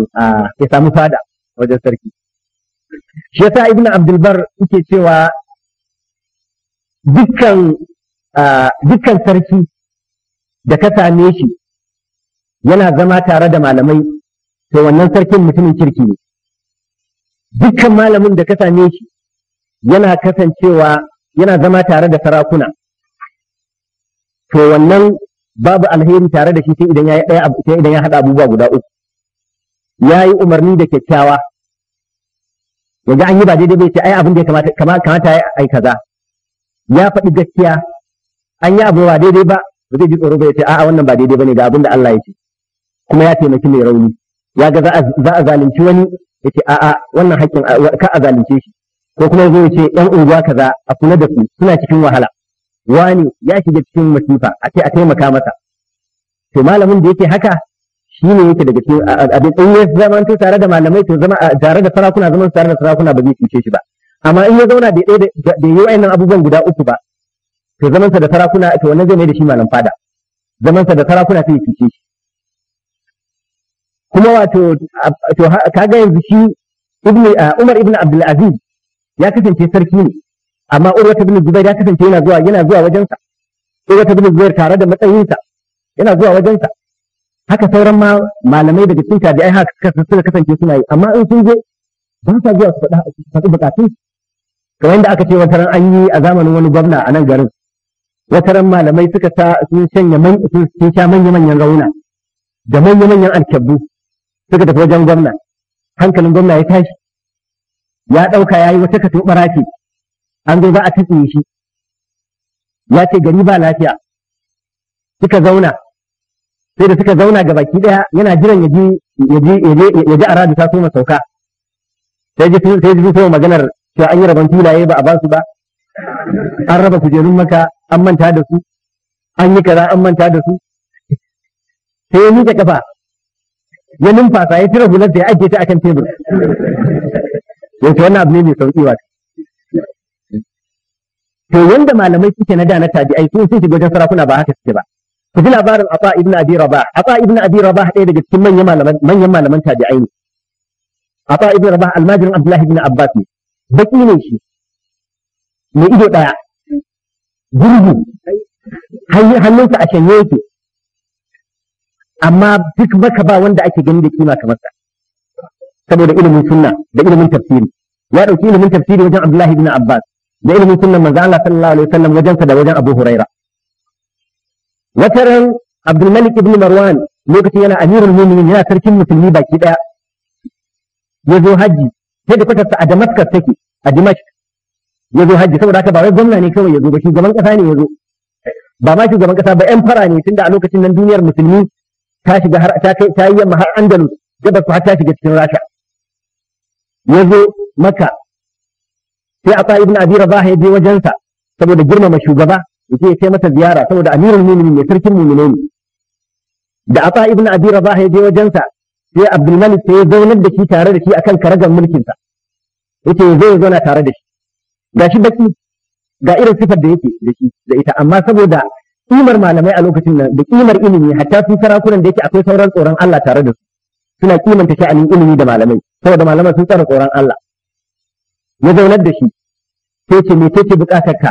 ya samu fada wajen sarki shi yasa ibnu Abdulbar bar yake cewa dukkan dukkan sarki da ka same shi yana zama tare da malamai to wannan sarkin mutumin kirki ne dukkan malamin da ka same shi yana kasancewa yana zama tare da sarakuna to wannan babu alheri tare da shi sai idan ya ɗaya sai idan ya haɗa abubuwa guda uku ya yi umarni da kyakkyawa yanzu an yi ba daidai bai ce ai abin da ya kamata kamata ya ai kaza ya faɗi gaskiya an yi abu ba daidai ba ba zai ji tsoro ba ya ce a'a wannan ba daidai ba ne. ga abin da Allah ya ce kuma ya taimaki mai rauni ya ga za a zalunci wani ya ce a'a wannan haƙƙin ka a zalunce shi ko kuma zai ce yan unguwa kaza a kula da su suna cikin wahala wani ya shiga cikin masifa a ce a taimaka masa to malamin da yake haka shi ne yake daga cikin abin in ya zama tare da malamai to zama tare da sarakuna zaman tare da sarakuna ba zai cuce shi ba amma in ya zauna bai da yi wa'annan abubuwan guda uku ba to zamansa da sarakuna to wannan zai mai da shi malam fada zamansa da sarakuna sai ya fice shi kuma wato to kaga yanzu shi ibnu Umar ibnu Abdul Aziz ya kasance sarki ne amma Urwa ibn Zubair ya kasance yana zuwa yana zuwa sa Urwa ibn Zubair tare da matsayinsa yana zuwa wajensa haka sauran ma malamai daga cikin tabi'ai haka suka kasance suna yi amma in sun je ba sa zuwa su faɗa cikin bukatun kamar da aka ce ran an yi a zamanin wani gwamna a nan garin wataran malamai suka sa sun shanya man sun sha manya manyan rauna da manya manyan alkyabbu suka tafi wajen gwamna hankalin gwamna ya tashi ya ɗauka ya yi wata katin ɓarafi an zo za a tatsiye shi ya ce gari ba lafiya suka zauna sai da suka zauna ga baki ɗaya yana jiran ya ji ya ji ya ji ta masauka sai ji sai ji maganar cewa an yi rabon filaye ba a ba su ba an raba kujerun maka an manta da su an yi kaza an manta da su sai ya miƙe kafa ya numfasa ya tira hular da ya ajiye ta akan tebur wato wannan abu ne mai sauki wa to wanda malamai suke na da na tabi'ai sun sun shiga wajen sarakuna ba haka suke ba ku ji labarin Afa ibn Abi Rabah Afa ibn Abi Rabah ɗaya daga cikin manyan malaman manyan malaman tabi'ai ne Afa ibn Rabah almajirin Abdullah ibn Abbas ne baki ne shi mai ido ɗaya gurgu hannunsa a shanye yake amma duk maka ba wanda ake gani da kima kamar sa saboda ilimin sunna da ilimin tafsiri ya ɗauki ilimin tafsiri wajen Abdullahi ibn Abbas da ilimin sunna manzo Allah sallallahu alaihi wasallam wajen sa da wajen Abu Huraira wataran Abdulmalik ibn Marwan lokacin yana amirul mu'minin yana sarkin musulmi baki daya ya zo hajji. da headquarters a damaskar take a Dimashq ya zo hajji saboda haka ba wai gwamna ne kawai ya zo ba shugaban kasa ne ya zo ba ma shugaban kasa ba yan fara ne tunda a lokacin nan duniyar musulmi ta shiga har ta kai ta yi yamma har Andalus gabas har ta shiga cikin Rasha ya zo maka sai Ata ibn Abi Rabah ya je wajensa saboda girmama shugaba yace ya kai masa ziyara saboda amirul mu'minin ne sarkin mu'minai ne da Ata ibn Abi Rabah ya je wajensa sai Abdullahi sai ya zaunar da shi tare da shi akan karagar mulkinsa yace zai ya zauna tare da shi shi baki ga irin sifar da yake da shi da ita amma saboda kimar malamai a lokacin nan da kimar ilimi hatta su sarakunan da yake akwai sauran tsoron Allah tare da su suna kimanta sha'anin ilimi da malamai saboda malamar sun tsara tsoron Allah ya zaunar da shi sai ce me kake bukatar ka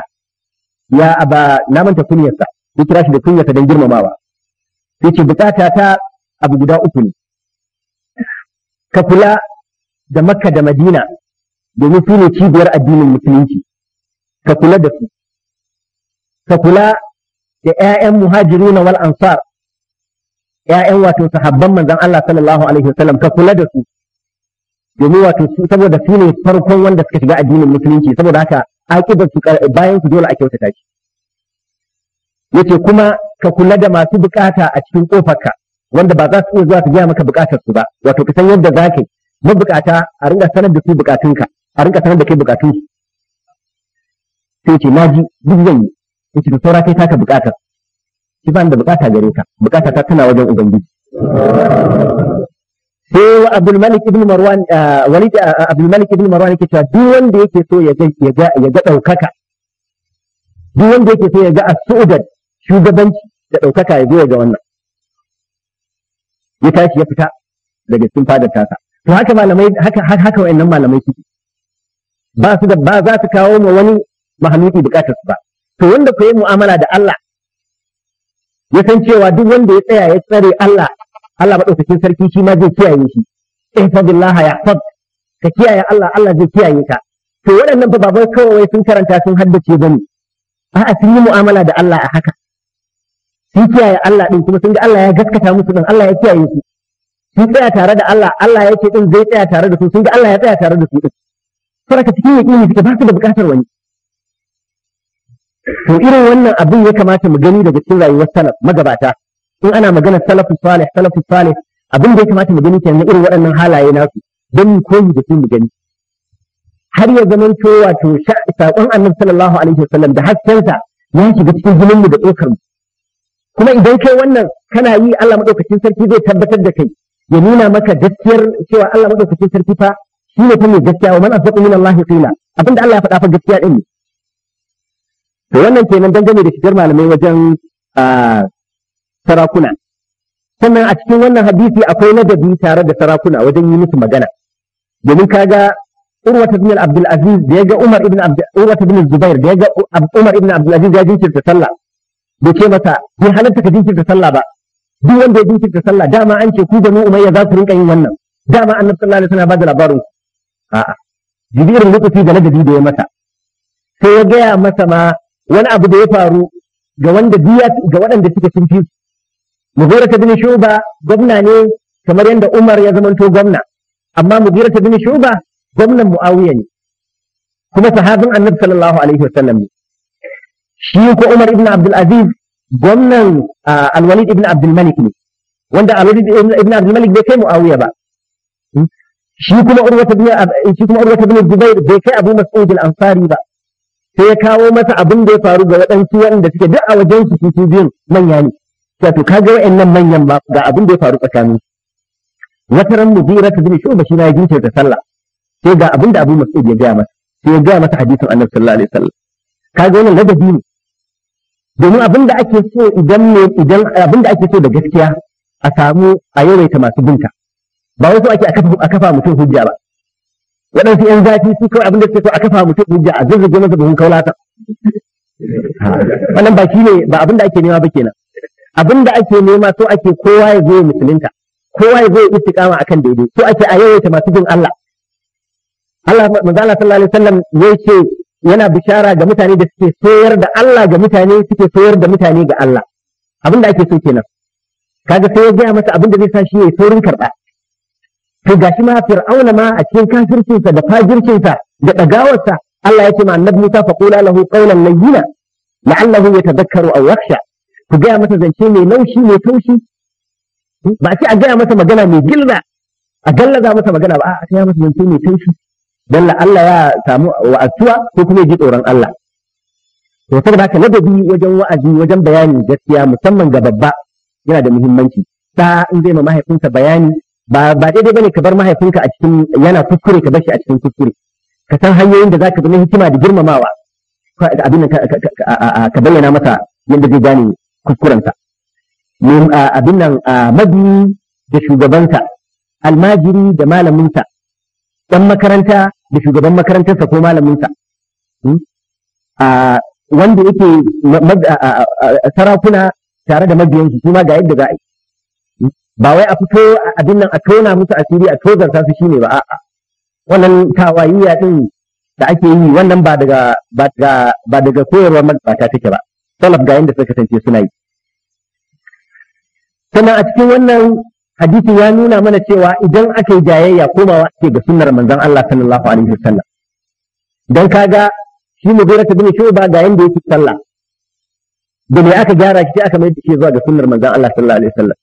ya aba na manta kunyarsa ya kira shi da kunyarsa don girmamawa sai ce bukata ta abu guda uku ne ka kula da makka da madina domin su ne cibiyar addinin musulunci ka kula da su ka kula da 'ya'yan muhajiruna wal ansar 'ya'yan wato sahabban manzon Allah sallallahu alaihi wasallam ka kula da su domin wato su saboda su ne farkon wanda suka shiga addinin musulunci saboda haka aqidar su bayan su dole a kyautata shi yace kuma ka kula da masu bukata a cikin kofarka wanda ba za su iya zuwa su gaya maka bukatar su ba wato ka san yadda za ka mabukata a rinka sanar da su bukatunka a rinka sanar da kai bukatun su sai ce na ji duk zan yi yace to saura kai taka bukata shi ba da bukata gare ka bukata ta tana wajen ubangiji sai Abdul Malik ibn Marwan eh, Walid eh, Abdul Malik ibn Marwan yake cewa duk wanda yake so ya ga ya ga ya ga daukaka duk wanda yake so ya ga as shugabanci da daukaka ya zo ga wannan ya tashi ya fita daga cikin fadar tasa to haka malamai haka haka wayannan malamai suke ba su da ba za su kawo ma wani mahaluki bukatar su ba to wanda ko yi mu'amala da Allah ya san cewa duk wanda ya tsaya ya tsare Allah Allah madaukakin sarki shi ma zai kiyaye shi ihfadillah yahfad ka kiyaye Allah Allah zai kiyaye ka to waɗannan fa babai kawai sun karanta sun haddace bane a'a sun yi mu'amala da Allah a haka sun kiyaye Allah din kuma sun ga Allah ya gaskata musu din Allah ya kiyaye su sun tsaya tare da Allah Allah ya ce din zai tsaya tare da su sun ga Allah ya tsaya tare da su din saboda cikin ne suke ba su da bukatar wani to irin wannan abin ya kamata mu gani daga cikin rayuwar salaf magabata in ana magana salafus salih salafus salih abin da ya kamata mu gani kenan irin waɗannan halaye nasu don mu koyi da su mu gani har ya zama to wato saƙon annabi sallallahu alaihi wasallam da haskensa ya shiga cikin jinin mu da tsokar mu kuma idan kai wannan kana yi Allah madaukakin sarki zai tabbatar da kai ya nuna maka gaskiyar cewa Allah madaukakin sarki fa shi ne fa mai gaskiya wa man asdaqu min Allah qila abinda Allah ya faɗa fa gaskiya din ne to wannan kenan dangane da shigar malamai wajen sarakuna sannan a cikin wannan hadisi akwai ladabi tare da sarakuna wajen yi musu magana domin kaga Urwa ibn Abdul Aziz da yaga Umar ibn Urwa ibn Zubair da yaga Umar ibn Abdulaziz Aziz ya jinkirta sallah ya ce masa bai halatta ka jinkirta sallah ba duk wanda ya jinkirta sallah dama an ce ku bani umayya za ku rinka yin wannan dama annabi sallallahu alaihi wasallam ba da labarin a'a jibirin lokaci da ladabi da ya masa sai ya gaya masa ma wani abu da ya faru ga wanda biya ga waɗanda suke sun fi mugira ta bin shuba gwamna ne kamar yadda umar ya zamanto gwamna amma mugira ta bin shuba gwamnan muawiya ne kuma sahabin annabi sallallahu alaihi wasallam ne shi ko Umar ibn Abdul Aziz gwamnan Al-Walid ibn Abdul Malik ne wanda Al-Walid ibn Abdul Malik bai kai Muawiya ba hmm? shi kuma Urwa ibn shi kuma Urwa ibn Zubair bai kai Abu Mas'ud al-Ansari ba sai ya kawo masa abin da ya faru ga waɗansu wanda suke duk a wajen su su biyun manya ne wato kaga waɗannan manyan ba ga abin da ya faru tsakanin wata ran mudira ta bin shuba shi na jinta da sallah sai ga abin da Abu Mas'ud ya gaya masa sai ya gaya masa hadisin Annabi sallallahu alaihi wasallam kaga wannan ladabi ne domin abin da ake so idan ne idan abin da ake so da gaskiya a samu a yawaita masu binta ba wai so ake a kafa mutum hujja ba waɗansu ‘yan zafi su kawai abin da suke so a kafa mutum hujja a zirgin masa domin kaulata wannan ba shi ne ba abin da ake nema ba kenan abin da ake nema so ake kowa ya zo musulunta kowa ya zo ya istiqama akan daidai so ake a yawaita masu bin Allah Allah manzo Allah sallallahu alaihi wasallam ce. yana bishara ga mutane da suke soyar da Allah ga mutane suke soyar da mutane ga Allah abin da ake so kenan kaga sai ya gaya masa abin da zai sa shi ya saurin karɓa to gashi ma fir'auna ma a cikin kafircinsa da fajircinsa da ɗagawarsa Allah ya ce ma annabi Musa fa qula lahu qawlan layyina la'allahu yatadhakkaru aw yakhsha ku gaya masa zance mai laushi mai taushi ba ce a gaya masa magana mai gilla a gallaza masa magana ba a ya masa zance mai taushi yalla Allah ya samu wa'azuwa ko kuma ya ji tsoron Allah to saboda haka ladabi wajen wa'azi wajen bayani gaskiya musamman ga babba yana da muhimmanci da in zai ma mahaifinka bayani ba ba daidai bane ka bar mahaifinka a cikin yana kuskure ka shi a cikin kuskure ka san hanyoyin da zaka bi na hikima da girmamawa abin ka bayyana masa yadda zai gane kukuransa. abin nan mabi da shugabansa almajiri da malaminsa ɗan makaranta da shugaban makarantarsa ko malaminsa hmm? wanda yake sarakuna tare da mabiyan su ma ga yadda za a yi hmm? ba wai a fito abin nan a tona musu asiri a tozarta su shine ba a'a wannan tawayiya din da ake yi wannan ba daga ba daga ba daga koyarwar magbata take ba salaf ga yadda suka kasance suna yi sannan a cikin wannan hadisi ya nuna mana cewa idan aka yi jayayya komawa ake ga sunnar manzon Allah sallallahu alaihi wasallam dan kaga shi mu ta bin ba ga yanda yake sallah da me aka gyara shi aka mai dake zuwa ga sunnar manzon Allah sallallahu alaihi wasallam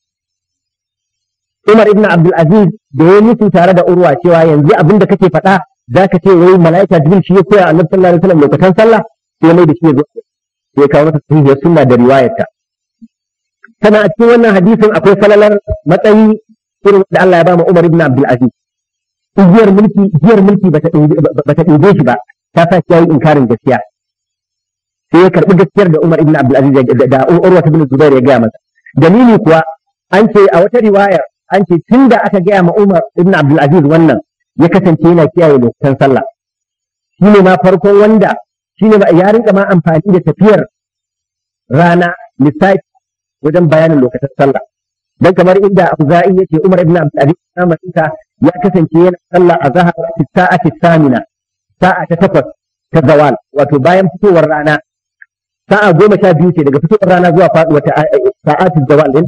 Umar ibn Abdul Aziz da ya mutu tare da Urwa cewa yanzu abin da kake faɗa zaka ce wai mala'ika Jibril shi ya koya Annabi sallallahu alaihi wasallam lokacin sallah sai mai da shi zuwa sai kawo masa sunna da riwayarta kana a cikin wannan hadisin akwai falalar matsayi irin da Allah ya ba ma Umar ibn Abdul Aziz igiyar mulki igiyar mulki bata ɗebe shi ba ta sa shi yayi inkarin gaskiya sai ya gaskiyar da Umar ibn Abdul Aziz da Urwa ibn Zubair ya gaya masa dalili kuwa an ce a wata riwayar an ce tunda aka gaya ma Umar ibn Abdul Aziz wannan ya kasance yana kiyaye lokutan sallah shi ne ma farkon wanda shi ne ya rinka ma amfani da tafiyar rana lissafi wajen bayanin lokacin sallah dan kamar inda Auza'i yace Umar ibn Abdul Aziz Amrita ya kasance yana sallah a zahar fi sa'ati samina sa'a ta takwas ta zawal wato bayan fitowar rana sa'a goma sha biyu ce daga fitowar rana zuwa faduwa ta eh, sa'atul zawal din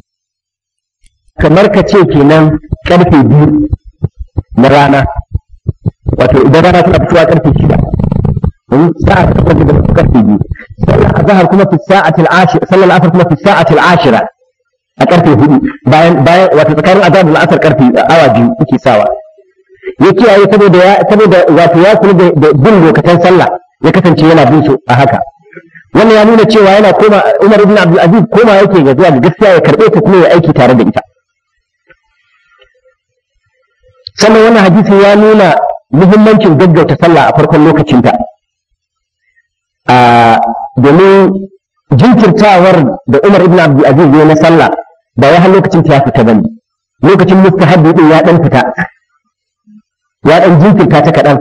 kamar ka ce kenan karfe biyu na rana wato idan rana tana fitowa karfe shida ساعة تكفي صلى الظهر كما في الساعة العاشرة صلى العصر كما في الساعة العاشرة أكرتي هدي باين باين وتتكرر أذان العصر كرتي أواجي كي ساوى yake yayi saboda ya saboda wato ya kula da bin lokacin sallah ya kasance yana bin a haka wannan ya nuna cewa yana koma Umar ibn Abdul Aziz koma yake ga zuwa ga gaskiya ya karbe ta kuma ya aiki tare da ita sannan wani hadisin ya nuna muhimmancin gaggauta sallah a farkon lokacinta domin jinkirtawar da Umar ibn Abdul Aziz ne na sallah ba ya har lokacin ta fita bane lokacin mustahabbi din ya dan fita ya dan jinkirta ta kadan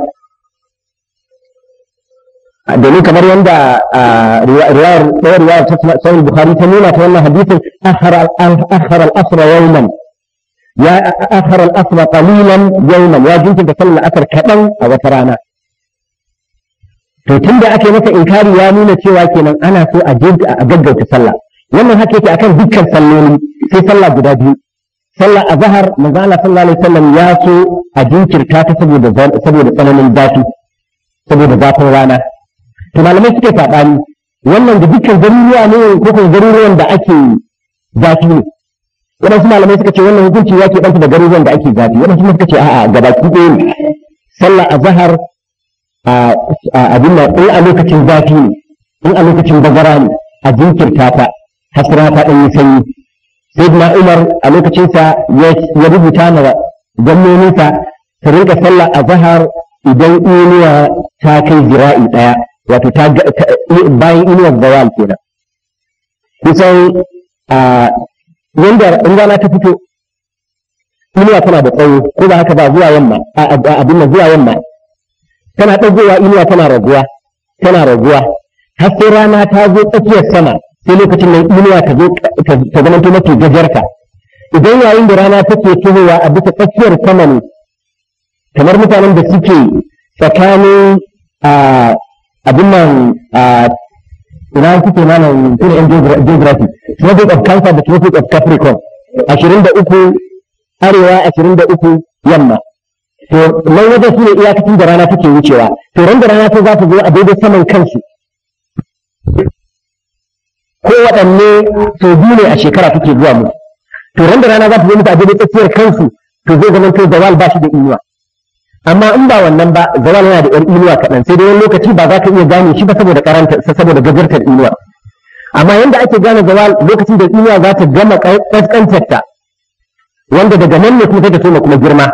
domin kamar yadda riwayar ɗaya riwayar ta sahih bukhari ta nuna ta wannan hadisin akhara akhara al-asra yawman ya akhara al-asra qalilan yawman ya jinkirta sallar asar kadan a wata rana to tun da aka yi masa inkari ya nuna cewa kenan ana so a gaggauta sallah wannan haka yake akan dukkan salloli sai sallah guda biyu sallah a zahar manzo Allah sallallahu alaihi wasallam ya so a jinkirta ta saboda saboda tsananin zafi saboda zafin rana to malamai suke faɗani wannan da dukkan garuruwa ne ko kuma garuruwan da ake zafi ne waɗansu malamai suka ce wannan hukunci ya ke ɗanta da garuruwan da ake zafi waɗansu suka ce a'a gabaki ɗaya ne sallah a zahar abin in a lokacin zafi ne in a lokacin bazara ne a jinkirta ta hasra ta ɗan yi sanyi sai na umar a lokacinsa ya rubuta ma gwamnoninsa ta rinka sallah a zahar idan inuwa ta kai zira'i ɗaya wato bayan inuwar zawal kenan kusan yanda in rana ta fito inuwa tana da tsawo ko ba haka ba zuwa yamma abin nan zuwa yamma tana ɗagowa inuwa tana raguwa tana raguwa har sai rana ta zo tsakiyar sama sai lokacin nan inuwa ta zo ta zama mafi gajarta idan yayin da rana take tohowa a bisa tsakiyar sama ne kamar mutanen da suke tsakanin abin nan ina suke ma nan tun yan geography tropic of cancer da tropic of capricorn ashirin da uku arewa ashirin da uku yamma to nan wajen su ne iyakacin da rana take wucewa to ran da rana ta za ta zo a daidai saman kansu ko waɗanne to biyu ne a shekara take zuwa mu to ran da rana za ta zo mutu a daidai tsakiyar kansu to zai zama to zawal ba shi da inuwa amma in ba wannan ba zawal yana da yar inuwa kaɗan sai dai wani lokaci ba za ka iya gane shi ba saboda karanta saboda gajartar inuwa amma yanda ake gane zawal lokacin da inuwa za ta gama kaskantar ta wanda daga nan ne kuma ta tafi kuma girma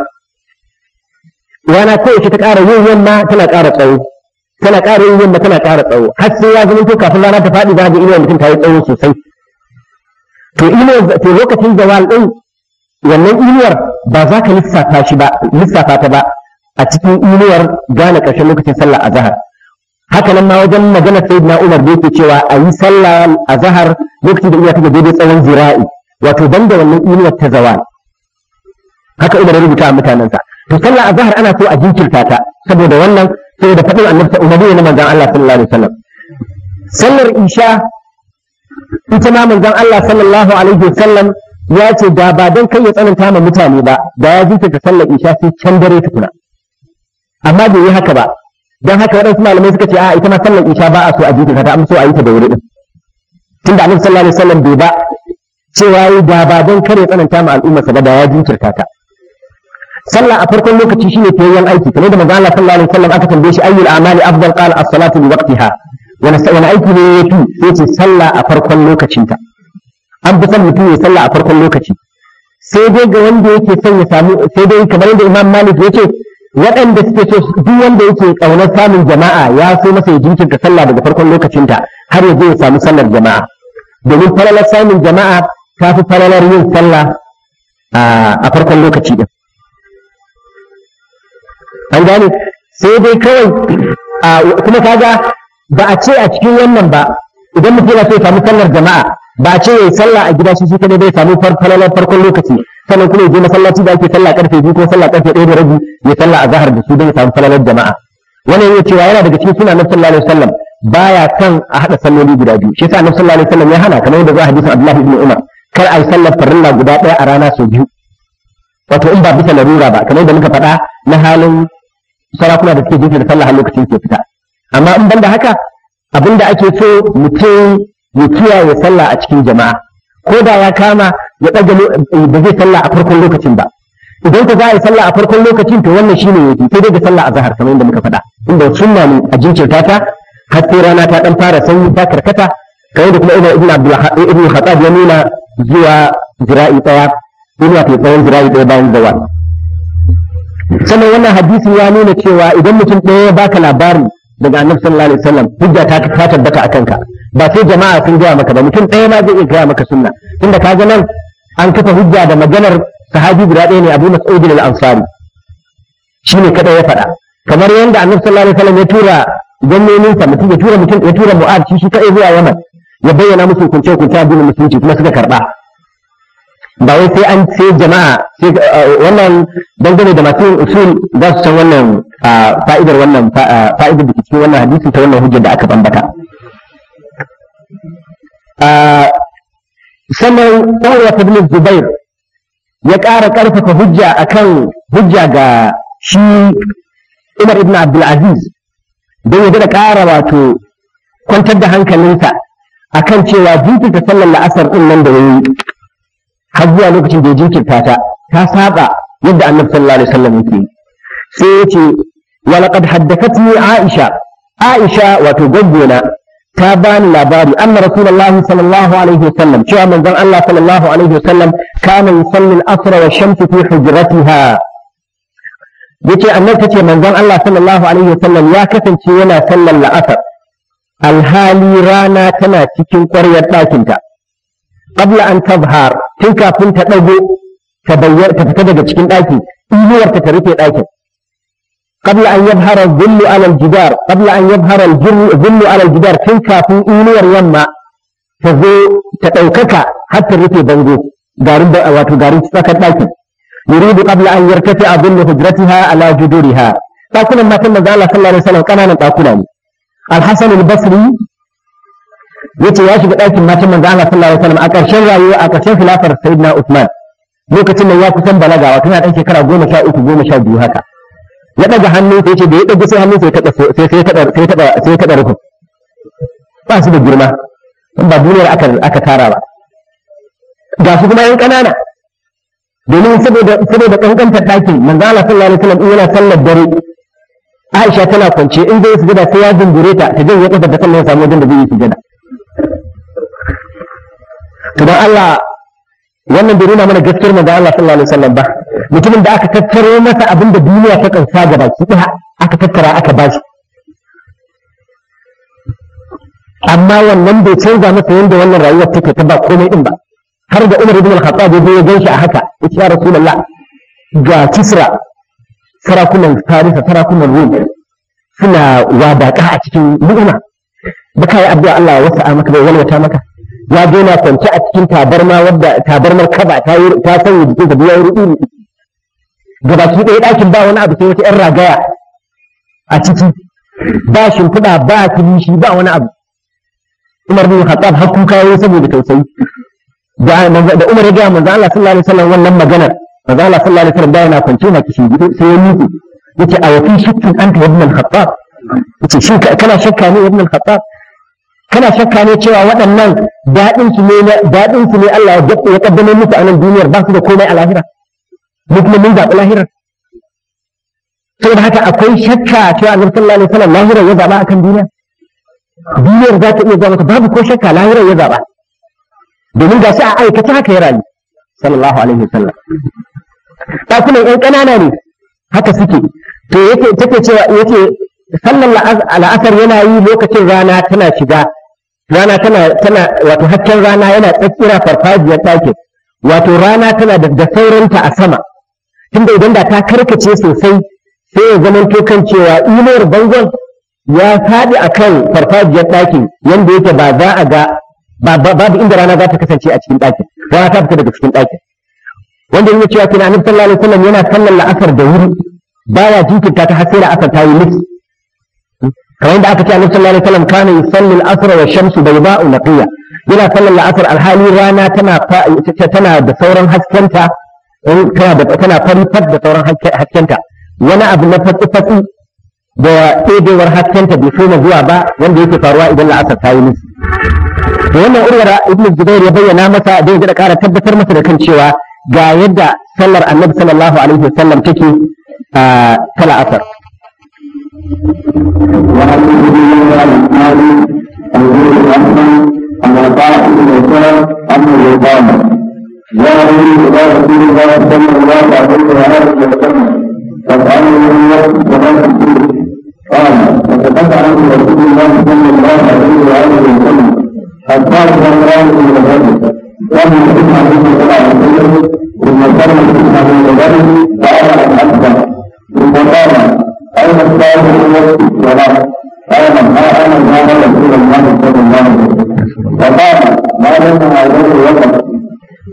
rana ko ita ta ƙara yin yamma tana ƙara tsawo tana ƙara yin yamma tana ƙara tsawo har sai ya zama to kafin rana ta faɗi za ga inuwar mutum ta yi tsawo sosai to inuwar to lokacin zawal din wannan inuwar ba za ka lissafa shi ba lissafa ta ba a cikin inuwar gane ƙarshen lokacin sallar azhar haka nan ma wajen maganar sayyidina Umar da yake cewa a yi sallar azhar lokacin da inuwa take daidai tsawon zira'i wato banda wannan inuwar ta zawal haka Umar ya rubuta a mutanensa to sallah azhar ana so a jinkirta ta saboda wannan saboda faɗin annabi umarni na manzon Allah sallallahu alaihi wasallam sallar isha ita ma manzon Allah sallallahu alaihi wasallam ya ce da ba don kai ya tsananta ma mutane ba da ya jinkirta sallar isha sai can dare tukuna amma bai yi haka ba don haka waɗansu malamai suka ce a ita ma sallar isha ba a so a jinkirta ta so a yi ta da wuri din tunda annabi sallallahu alaihi wasallam bai ba cewa yi da ba don kare tsananta ma al'umma ba da ya jinkirta ta sallah a farkon lokaci shine fiyayyen aiki kamar da manzo Allah sallallahu alaihi wasallam aka tambaye shi ayyul a'mali afdal qala as-salatu li waqtiha wani wani aiki ne ya fi sai ce sallah a farkon lokacinta an fi son mutum ya sallah a farkon lokaci sai dai ga wanda yake son ya samu sai dai kamar yadda Imam Malik ya ce, waɗanda suke so duk wanda yake ƙaunar samun jama'a ya so masa ya jinkirta sallah daga farkon lokacinta har ya je ya samu sallar jama'a domin falalar samun jama'a ta fi falalar yin sallah a farkon lokaci din an gane sai dai kawai kuma kaga ba a ce a cikin wannan ba idan mutum yana so ya samu sallar jama'a ba a ce ya yi sallah a gida shi shi kadai bai samu falalar farkon lokaci sannan kuma ya je masallaci da ake sallah karfe biyu ko sallah karfe ɗaya da rabi ya sallah a zahar da su don ya samu falalar jama'a wannan yana cewa yana daga cikin suna na sallallahu alaihi wasallam baya kan a haɗa salloli guda biyu shi yasa annabi sallallahu alaihi ya hana kamar yadda za a hadisin Abdullahi ibn Umar kar a yi sallar farilla guda ɗaya a rana sau biyu wato in ba bisa larura ba kamar yadda muka faɗa na halin sarakuna da suke jinkirta sallah har lokacin ke fita amma in banda haka abinda ake so mutum ya kiyaye sallah a cikin jama'a ko da ya kama ya ɗaga eh, ba zai sallah a farkon lokacin ba idan ka za a yi sallah a farkon lokacin to wannan shine yake sai dai da sallah a zahar kamar yadda muka faɗa inda sunna ne a jinkirta ta har sai rana ta dan fara sanyi ta karkata kamar da kuma ina ibn abdul khattab ya nuna zuwa jira'i ɗaya, ina ta tsayin jira'i daya bayan zawal sannan wannan hadisin ya nuna cewa idan mutum ɗaya ya baka labari daga annabi sallallahu alaihi wasallam hujja ta ta tabbata akan ka ba sai jama'a sun gaya maka ba mutum ɗaya ma zai iya gaya maka sunna tunda ka ga nan an kafa hujja da maganar sahabi guda ɗaya ne Abu Mas'ud al-Ansari shine kada ya faɗa kamar yanda annabi sallallahu alaihi wasallam ya tura gwamnonin sa mutum ya tura mutum ya tura mu'ad shi shi kai zuwa Yaman ya bayyana musu kunce hukunce addinin musulunci kuma suka karba ba wai sai an ce jama'a sai uh, uh, wannan dangane da masu usul za su san wannan uh, fa'idar wannan fa'idar da cikin wannan hadisin ta wannan hujjar da aka bambata sannan ɗaura ibn zubair ya ƙara ƙarfafa hujja akan hujja ga shi umar ibn abdulaziz don ya da ƙara wato kwantar da hankalinsa akan cewa jinkirta sallar la'asar ɗin nan da wani. har zuwa lokacin da ya jinkirta ta ta saba yadda annabi sallallahu alaihi wasallam yake sai ya ce wa laqad haddathatni aisha aisha wato gaggona ta bani labari anna rasulullah sallallahu alaihi wasallam cewa manzon Allah sallallahu alaihi wasallam kana yusalli al-asr wa shamsu fi hujratiha yace annabi tace manzon Allah sallallahu alaihi wasallam ya kasance yana sallar la'asar alhali rana tana cikin ƙwaryar ɗakinta qabla an tabhar tun kafin ta dago ta bayyar ta fita daga cikin daki inuwar ta rufe dakin qabla an yabhara dhillu ala al-jidar qabla an yabhara dhillu ala yamma ta zo a daukaka har ta rufe bango garin da wato garin tsakar dakin yuridu qabla an yartafi'a dhillu hujratiha ala juduriha matan manzo Allah sallallahu alaihi wasallam kananan ne al al-Basri yace ya shiga ɗakin matan manzo Allah sallallahu alaihi wasallam a ƙarshen rayuwa a ƙarshen khilafar sayyidina Uthman lokacin nan ya kusan balagawa tana ɗan shekara goma sha uku goma sha biyu haka ya ɗaga hannu sai ce da ya ɗaga sai hannun sai taɓa sai taɓa rufin ba su da girma ba duniyar aka aka tara ba ga su kuma yan ƙanana domin saboda saboda kankantar ɗakin manzo Allah sallallahu alaihi wasallam in yana sallar dare Aisha tana kwance in zai sujada sai ya dungure ta ta janye kafar da sallar samu wajen da zai yi sujada to Allah wannan bai nuna mana gaskiyar manzo Allah sallallahu alaihi wasallam ba mutumin da aka tattaro masa abin da duniya ta kansa gaba baki da aka tattara aka bashi amma wannan bai canza masa yanda wannan rayuwar take ta ba komai din ba har da Umar ibn al-Khattab ya ya ganshi a haka ya Rasulullah ga Kisra sarakunan Farisa sarakunan Rum suna wadaƙa a cikin ni'ima baka yi addu'a Allah ya wasa'a maka bai walwata maka ya zo na kwance a cikin tabarma wadda tabarmar kaba ta yi ta sanya jikinsa da yayi rubi gabaki ɗaya ɗakin ba wani abu sai wata 'yan ragaya a ciki ba shimfiɗa ba kilishi ba wani abu Umar bin Khattab har kuka yayi saboda tausayi da Umar ya ga manzo Allah sallallahu alaihi wasallam wannan maganar manzo Allah sallallahu alaihi wasallam da yana kwance na kishi gido sai ya miƙe yace a wafi shakkin anta ibn al-Khattab yace shin kana shakka ne ibn al-Khattab kana shakka ne cewa waɗannan daɗin su ne daɗin su ne Allah ya kaddamar musu a nan duniyar ba su da komai a lahira mu kuma mun zaɓi lahira saboda haka akwai shakka cewa Annabi sallallahu alaihi wasallam lahira ya zaɓa akan duniya duniyar za ta iya zuwa maka babu ko shakka lahira ya zaɓa domin ga shi a aikata haka ya rayu sallallahu alaihi wasallam ɗakunan ƴan ƙanana ne haka suke to yake take cewa yake sallan la'asar yana yi lokacin rana tana shiga rana tana tana wato hasken rana yana tsakira farfajiyar ɗakin wato rana tana da sauranta a sama tunda idan da ta karkace sosai sai ya zama to kan cewa imar bangon ya faɗi akan farfajiyar ɗakin yanda yake ba za a ga babu inda rana za ta kasance a cikin ɗakin rana ta fita daga cikin ɗakin wanda yake cewa kina annabi sallallahu alaihi wasallam yana sallar la'asar da wuri baya jinkirta ta har sai la'asar ta yi miki kamar da aka ce annabi sallallahu alaihi wasallam kana yusalli al-asr wa shamsu bayda'u naqiya yana sallar la'asar alhali rana tana tana da sauran haskenta eh, tana da tana da sauran haskenta wani abu na fatsi-fatsi da ɗebewar haskenta bai soma zuwa ba wanda yake faruwa idan la'asar ta yi musu to wannan urwara ibn zubair ya bayyana masa da ya ƙara tabbatar masa da kan cewa ga yadda sallar annabi sallallahu alaihi wasallam take ah, ta la'asar ثم قال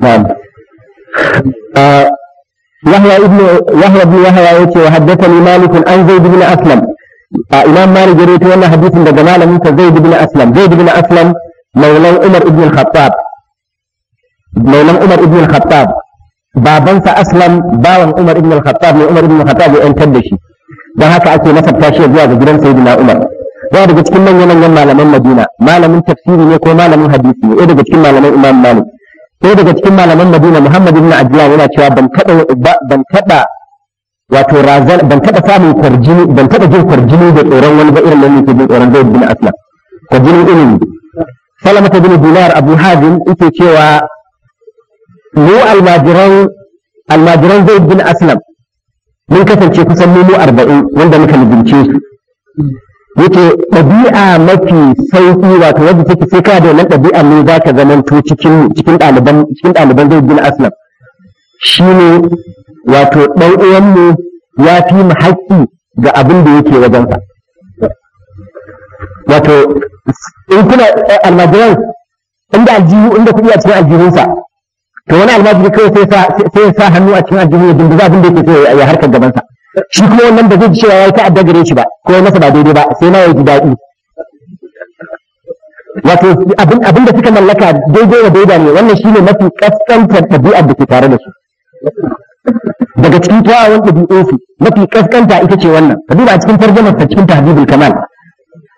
نعم. آه، يحيى ابن يحيى بن يحيى وحدثني مالك عن زيد بن اسلم آه، امام مالك جريت وانا حديث عند جمال منك زيد بن اسلم زيد بن اسلم مولى عمر بن الخطاب مولى عمر بن الخطاب بابنك اسلم باب عمر بن الخطاب عمر بن الخطاب وان كدشي don haka ake nasabta shi zuwa ga gidan sayyidina umar yana daga cikin manyan manyan malaman madina malamin tafsiri ne ko malamin hadisi ne daga cikin malaman imam malik ɗaya daga cikin malaman madina muhammad ibn abdullah yana cewa ban taɓa ban wato ban samun kwarjini ban jin kwarjini da tsoron wani ba irin nan yake jin tsoron zaid bin aslam kwarjini ilimi salamata bin dinar abu hadin yake cewa mu almajiran almajiran zaid bin aslam mun kasance kusan nemo arba'in wanda muka lubince su yake ɗabi'a mafi sauƙi wato wadda take sai ka da wannan ɗabi'a ne za ka to cikin cikin ɗaliban cikin ɗaliban zai bin aslam shine wato ɗan ya fi mu haƙƙi ga abin da yake wajensa wato in kuna eh, almajiran inda aljihu inda kuɗi a cikin aljihunsa to wani almajiri kawai sai ya sa hannu a cikin aljihu ya dinga abin da yake so ya harkar gabansa shi kuma wannan ba zai ji cewa ya yi ta'adda gare shi ba ko ya masa ba daidai ba sai ma ya ji daɗi wato abin da suka mallaka daidai da daida ne wannan shine mafi kaskantar ɗabi'ar da ke tare da su daga cikin kyawawan ɗabi'ofi mafi kaskanta ita ce wannan ka duba a cikin tarjamar ta cikin tahdidul kamal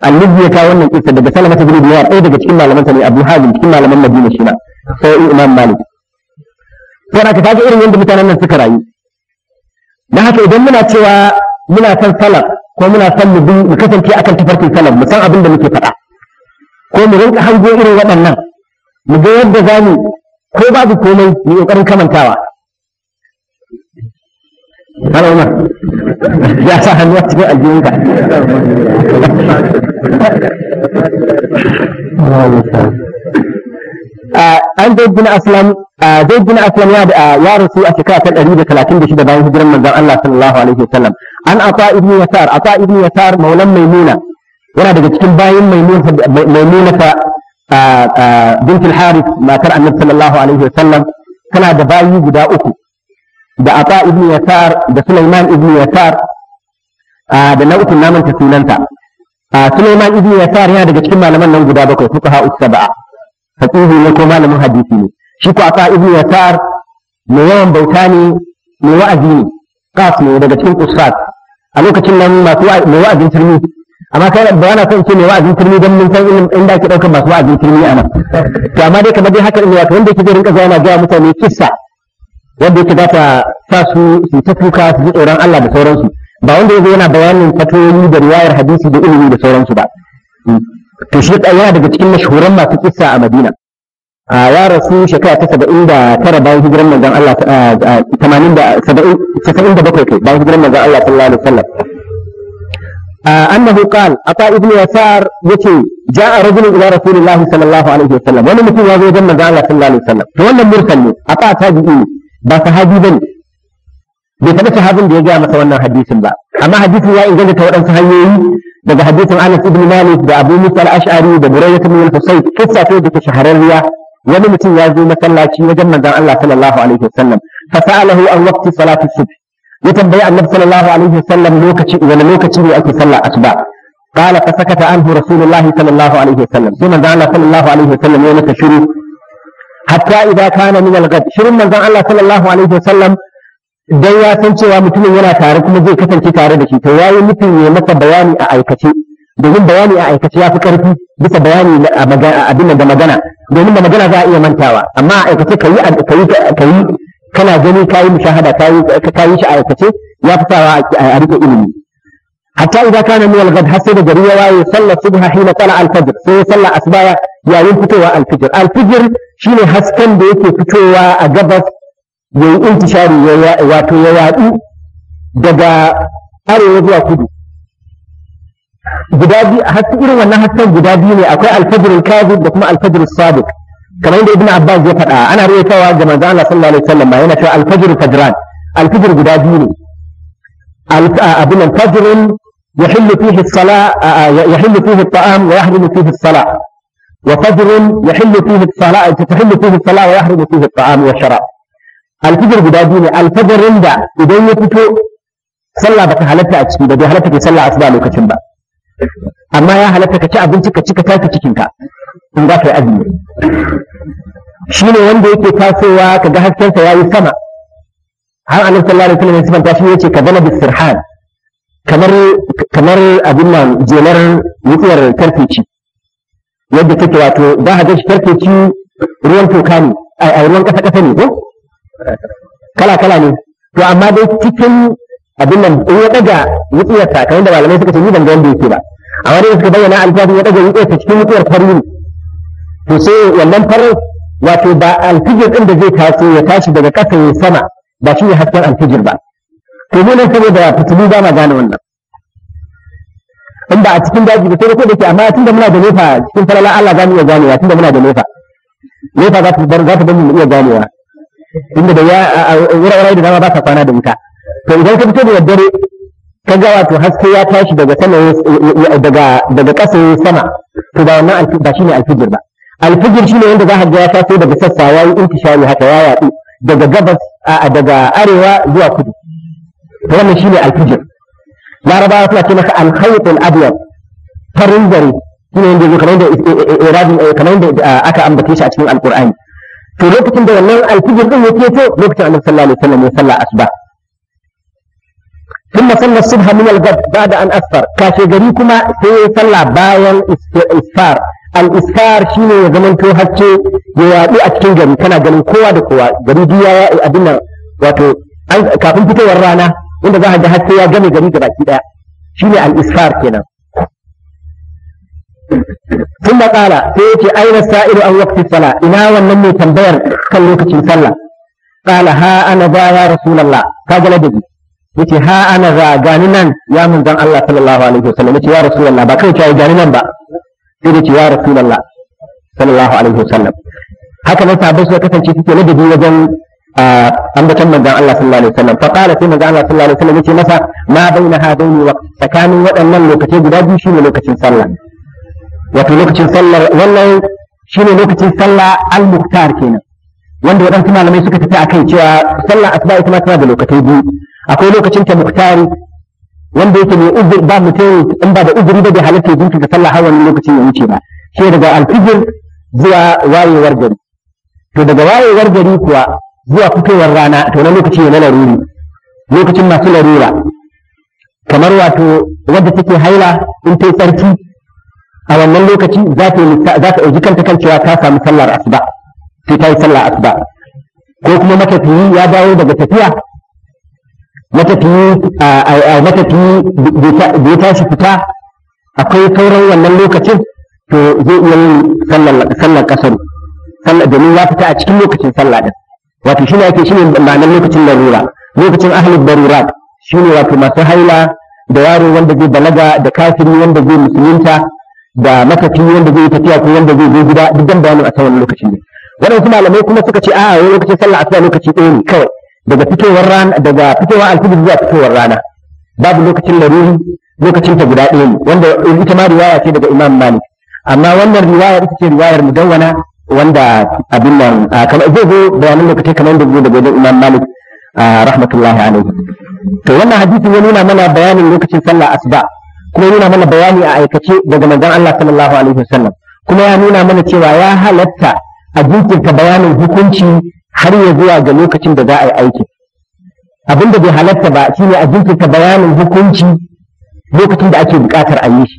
annabi ya kawo wannan kissa daga salamata bin biyar ɗaya daga cikin malaman sa ne abu hazim cikin malaman madina shi ma sai imam malik saboda ka kaga irin yadda mutanen nan suka rayu Na haka idan muna cewa muna san salaf ko muna san mu mu kasance akan tafarkin salaf mu san abin da muke faɗa ko mu rinka hango irin waɗannan mu ga yadda za mu ko babu komai mu ƙoƙarin kamantawa Hana Umar, ya sa hannu a cikin ka an zai bin aslam zai bin aslam ya rasu a shekara ta ɗari da talatin da shida bayan hijiran manzon Allah sallallahu alaihi wasallam an afa ibn yasar afa ibn yasar maulan maimuna yana daga cikin bayan maimuna ta bint al-harith matar annabi sallallahu alaihi wasallam tana da bayi guda uku da afa ibn yasar da sulaiman ibn yasar da nau'in naman ta sunanta Suleiman ibn Yasar yana daga cikin malaman nan guda bakwai fuqaha us-sab'a faqihu ne ko malamin hadisi ne shi ko aka ibnu yasar mai yawan bauta ne mai wa'azi ne qas ne daga cikin qusat a lokacin nan masu mai wa'azin turmi amma kai ba na son ce mai wa'azin turmi don mun san inda ke daukar masu wa'azin turmi ana. to amma dai kamar dai haka ne wato wanda yake zai rinka zuwa yana ga mutane kissa wanda yake za ta sa su su ta tuka su ji tsoron Allah da sauransu ba wanda yake yana bayanin fatoyi da riwayar hadisi da ilimi da sauransu ba hmm. to shi ɗaya daga cikin mashhuran masu kissa a madina a ya rasu shekara ta saba'in da tara bayan hijiran manzon Allah tamanin da saba'in da bakwai kai bayan hijiran manzon Allah sallallahu alaihi wasallam annahu qal ata ibnu yasar yace ja'a rajulun ila rasulillahi sallallahu alaihi wasallam wani mutum ya zo wajen manzon Allah sallallahu alaihi wasallam to wannan mursal ne ata tabi'i ba sahabi bane bai taɓa sahabin da ya gaya masa wannan hadisin ba amma hadisin ya inganta ta waɗansu hanyoyi daga hadisin Anas ibn Malik da Abu Musa al-Ash'ari da Burayyah ibn al-Husayn kissa ce da shahararriya wani mutum ya zo masallaci wajen manzon Allah sallallahu alaihi wasallam fa sa'alahu an waqti salati subh ya tambayi annabi sallallahu alaihi wasallam lokaci wani lokaci ne ake sallah asuba qala fa sakata anhu rasulullahi sallallahu alaihi wasallam sai manzon Allah sallallahu alaihi wasallam ya mata shiru hatta idza kana min al-ghad shirin manzon Allah sallallahu alaihi wasallam dan ya san cewa mutumin yana tare kuma zai kasance tare da shi to yayi mutum ya maka bayani a aikace domin bayani a aikace ya fi karfi bisa bayani a abin da magana domin da magana za a iya mantawa amma a aikace ka yi kana gani ka yi mushahada ka yi ka yi shi a aikace ya fi sawa a rike ilimi hatta idan kana min al har sai da gari ya waye sallar subha hina tala al sai sallar asbaya yayin fitowa al-fajr shine hasken da yake fitowa a gabas ya yi intishari wato ya yaɗu daga arewa zuwa kudu guda biyu hatta irin wannan hassan guda biyu ne akwai alfajirul kazib da kuma alfajirul sadiq kamar da ibnu abbas ya faɗa ana rawaitawa ga manzo Allah sallallahu alaihi wasallam ba yana cewa alfajir fajran alfajir guda biyu ne abin alfajirun يحل فيه الصلاة يحل فيه الطعام ويحرم فيه الصلاة وفجر يحل فيه الصلاة تحل فيه الصلاة ويحرم فيه الطعام والشراب alfijir guda biyu ne alfajarin da idan ya fito sallah baka halatta a ciki ba bai halatta ke sallah asuba lokacin ba amma ya halatta ka ci abinci ka ci ka tafi cikinka in za ka yi azumi shine wanda yake tasowa ka ga haskensa ya yi sama har annabi sallallahu alaihi wasallam ya sifanta shi yace ka zama bisirhan kamar kamar abin nan jelar wutsiyar karfeci yadda take wato za ka ga karfeci ruwan toka ne a ruwan kasa kasa ne ko kala kala ne to amma dai cikin abin nan in ya daga wutsiyarsa kamar da malamai suka ce ni ban ga wanda yake ba amma dai suka bayyana alfafin ya daga wutsiyarsa cikin wutsiyar fari to sai wannan farin wato ba alfijir din da zai taso ya tashi daga ƙasa ya sama ba shi ne hasken alfijir ba to mu nan saboda fitilu ba ma gane wannan in ba a cikin daji ba sai ko da ke amma tunda muna da nefa cikin falala Allah za mu iya ganewa tunda muna da nefa nefa za ta bar za ta bar mu iya ganewa tunda da ya wurare da dama ba ka kwana da wuta to idan ka fito da dare, ka ga wato haske ya tashi daga sama daga daga ƙasa sama to ba wannan ba shine alfijir ba alfijir shine wanda za ka ga ya taso daga sassa yayi intishari haka ya yaɗu daga gabas daga arewa zuwa kudu to wannan shine alfijir larabawa suna ce masa alkhaytul abyad farin zare shine wanda kamar da eh, eh, eh, kamar da aka ambace shi a cikin alqur'ani to lokacin da wannan alfijir din ya keto lokacin annabi sallallahu alaihi wasallam ya salla asuba ثم صلى الصبح من an asfar. ان اسفر كاشغري كما سي صلى bayan اسفار al-iskar shine ya zamanto hacce ya yaɗu a cikin gari kana ganin kowa da kowa gari duk ya yaɗu wato kafin fitowar rana inda za a ga hacce ya gane gari gabaki daya shine al-iskar kenan ثم قال سيأتي أين السائل عن وقت الصلاة إنا ونمي تنبير كالوكة صلى قال ها أنا ذا يا رسول الله قال لدي yace ha ana za gani nan ya zan Allah sallallahu alaihi wasallam ya rasulullah ba kai a gani nan ba sai yace ya rasulullah sallallahu alaihi wasallam haka nan sahabbai suka kasance suke ladabi wajen ambatan manzon Allah sallallahu alaihi wasallam fa qala sai manzon Allah sallallahu alaihi wasallam yace masa ma baina hadaini wa tsakanin waɗannan lokacin guda biyu shine lokacin sallah wato lokacin sallar wannan shine lokacin sallah al-muktar kenan wanda waɗansu malamai suka tafi akai cewa sallar asuba ita ma tana da lokacin biyu akwai lokacin ta muktari wanda yake mai uzur ba mutum in ba da uzuri ba da halatta ya jinkirta sallah har wani lokacin ya wuce ba shi daga alfijir zuwa wayewar gari to daga wayewar gari kuwa zuwa fitowar rana to na lokaci ne na laruri lokacin masu larura kamar wato wadda take haila in ta yi sarki a wannan lokaci za ta yi ɗauki kanta kan cewa ta samu sallar asuba sai ta yi sallar asuba ko kuma matafiyi ya dawo daga tafiya matafiyi matafiyi da ya tashi fita akwai sauran wannan lokacin to zai iya yin sallar kasar domin ya fita a cikin lokacin sallah din wato shi ne ake shi ne ma'anar lokacin larura lokacin ahalin darurat shi ne wato masu haila da yaro wanda zai balaga da kafin wanda zai musulunta da makafi wanda zai tafiya ko wanda zai zo gida duk dan bayanin akan wannan lokacin ne waɗansu malamai kuma suka ce a'a wani lokacin sallah asuba lokaci ɗaya ne kawai daga fitowar rana daga fitowar alfijir zuwa fitowar rana babu lokacin laruri lokacin ta guda ɗaya ne wanda ita ma riwaya ce daga Imam Malik amma wannan riwaya ita ce riwayar mudawwana wanda abin nan kamar zai zo bayanan lokacin kamar yadda zo daga wajen Imam Malik rahmatullahi alaihi to wannan hadisin ya nuna mana bayanin lokacin sallah asuba kuma nuna mana bayani a aikace daga manzon Allah sallallahu alaihi wasallam kuma ya nuna mana cewa ya halatta a jinkirta bayanin hukunci har ya zuwa ga lokacin da za a yi aiki abin da bai halatta ba shine a jinkirta bayanin hukunci lokacin da ake buƙatar a yi shi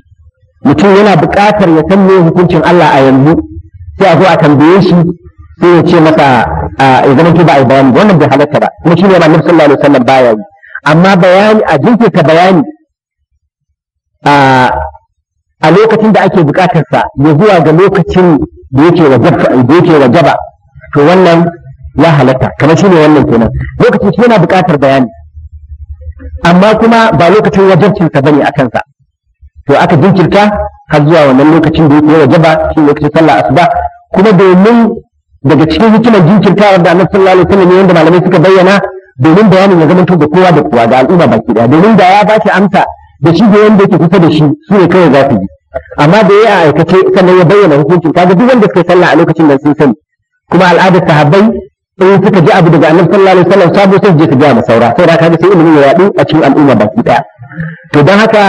mutum yana buƙatar ya san me hukuncin Allah a yanzu sai a zo a tambaye shi sai ya ce masa ya zama ba a yi bayani wannan bai halatta ba kuma shine ba nabi sallallahu alaihi wasallam baya yi amma bayani a jinkirta bayani a lokacin da ake bukatarsa ya zuwa ga lokacin da yake wajaba to wannan ya halatta kamar shi ne wannan kenan lokacin shi yana bukatar bayani amma kuma ba lokacin wajabcinsa bane a kansa to aka jinkirta har zuwa wannan lokacin da yake wajaba shi lokacin sallah asuba kuma domin daga cikin hikimar jinkirtawar da annabi sallallahu alaihi wasallam yanda malamai suka bayyana domin bayanin ya zama da kowa da kowa da al'umma baki daya domin da ya ba shi amsa da shi da wanda yake kusa da shi su ne kawai za su yi amma da ya aikace sannan ya bayyana hukuncin kaga duk wanda suka sallah a lokacin nan sun sani kuma al'adar sahabbai in suka ji abu daga annabi sallallahu alaihi wasallam sabo sai je su ga masaura saboda kaga sai ilimin ya yadu a cikin al'umma baki daya to dan haka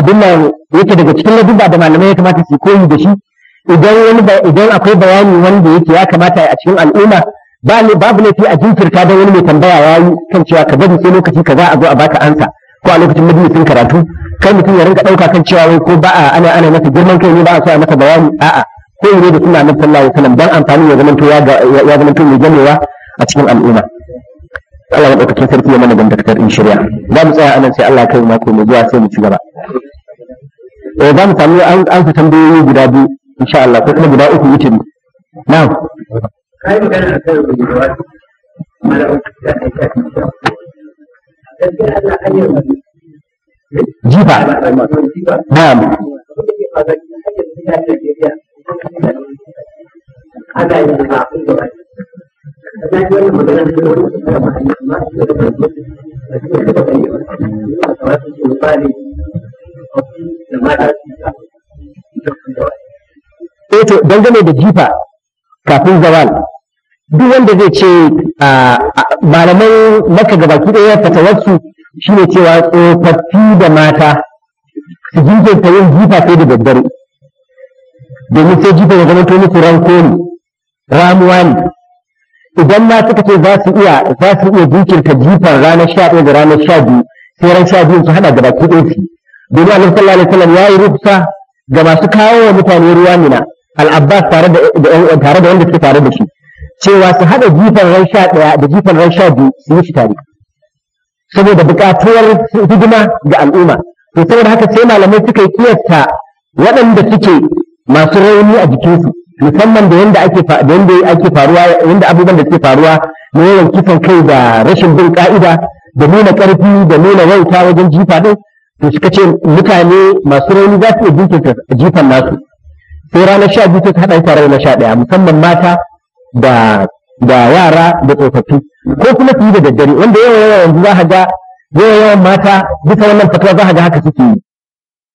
abin nan yake daga cikin ladubba da malamai ya kamata su koyi da shi idan wani idan akwai bayani wanda yake ya kamata a cikin al'umma ba ne babu laifi a jinkirta don wani mai tambaya yayi kan cewa ka bari sai lokaci kaza a zo a baka ansa ko a lokacin majalisin karatu kai mutum ya rinka ɗauka kan cewa ko ba a ana ana masa girman kai ne ba a so a masa bayani a'a ko yi da suna nan sallallahu alaihi wasallam dan amfani ya to ya zama to mai gamewa a cikin al'umma Allah ya ɗaukakin sarki ya mana dangantakar in shirya za mu tsaya anan sai Allah kai mako mai zuwa sai mu ci gaba eh za mu samu an an fi tambayoyi guda biyu insha Allah ko kuma guda uku wuce mu na'am kai magana akan wani mala'u da kai jifa na'am ana yin kafin dangane da jifa kafin zawal duk wanda zai ce malaman maka gabaki ɗaya fatawarsu shi ne cewa tsofaffi da mata su jinkirta yin jifa sai da daddare domin sai jifa ya zama to musu ranko ramuwa ne idan ma suka ce za su iya za su iya jinkirta jifan ranar sha ɗaya da ranar sha biyu sai ran sha biyun su haɗa gabaki ɗaya su domin annabi sallallahu alaihi wasallam ya yi rufsa ga masu kawo wa mutane ruwa mina al'abbas tare da tare da wanda suke tare da shi cewa su haɗa jifan ran sha ɗaya da jifan ran sha biyu su yi shi tare saboda buƙatuwar hidima ga al'umma to saboda haka sai malamai suka yi kiyasta waɗanda suke masu rauni a jikinsu musamman da yanda ake faruwa yanda abubuwan da suke faruwa na yawan kisan kai da rashin bin ka'ida da nuna ƙarfi da nuna wauta wajen jifa ɗin, to suka ce mutane masu rauni za su iya jinkirta jifan nasu sai ranar sha biyu ta haɗa tare na sha ɗaya musamman mata da da yara da tsofaffi ko kuma su yi da daddare wanda yawan yawan yanzu za ka ga yawan yawan mata bisa wannan fatuwa za ka ga haka suke yi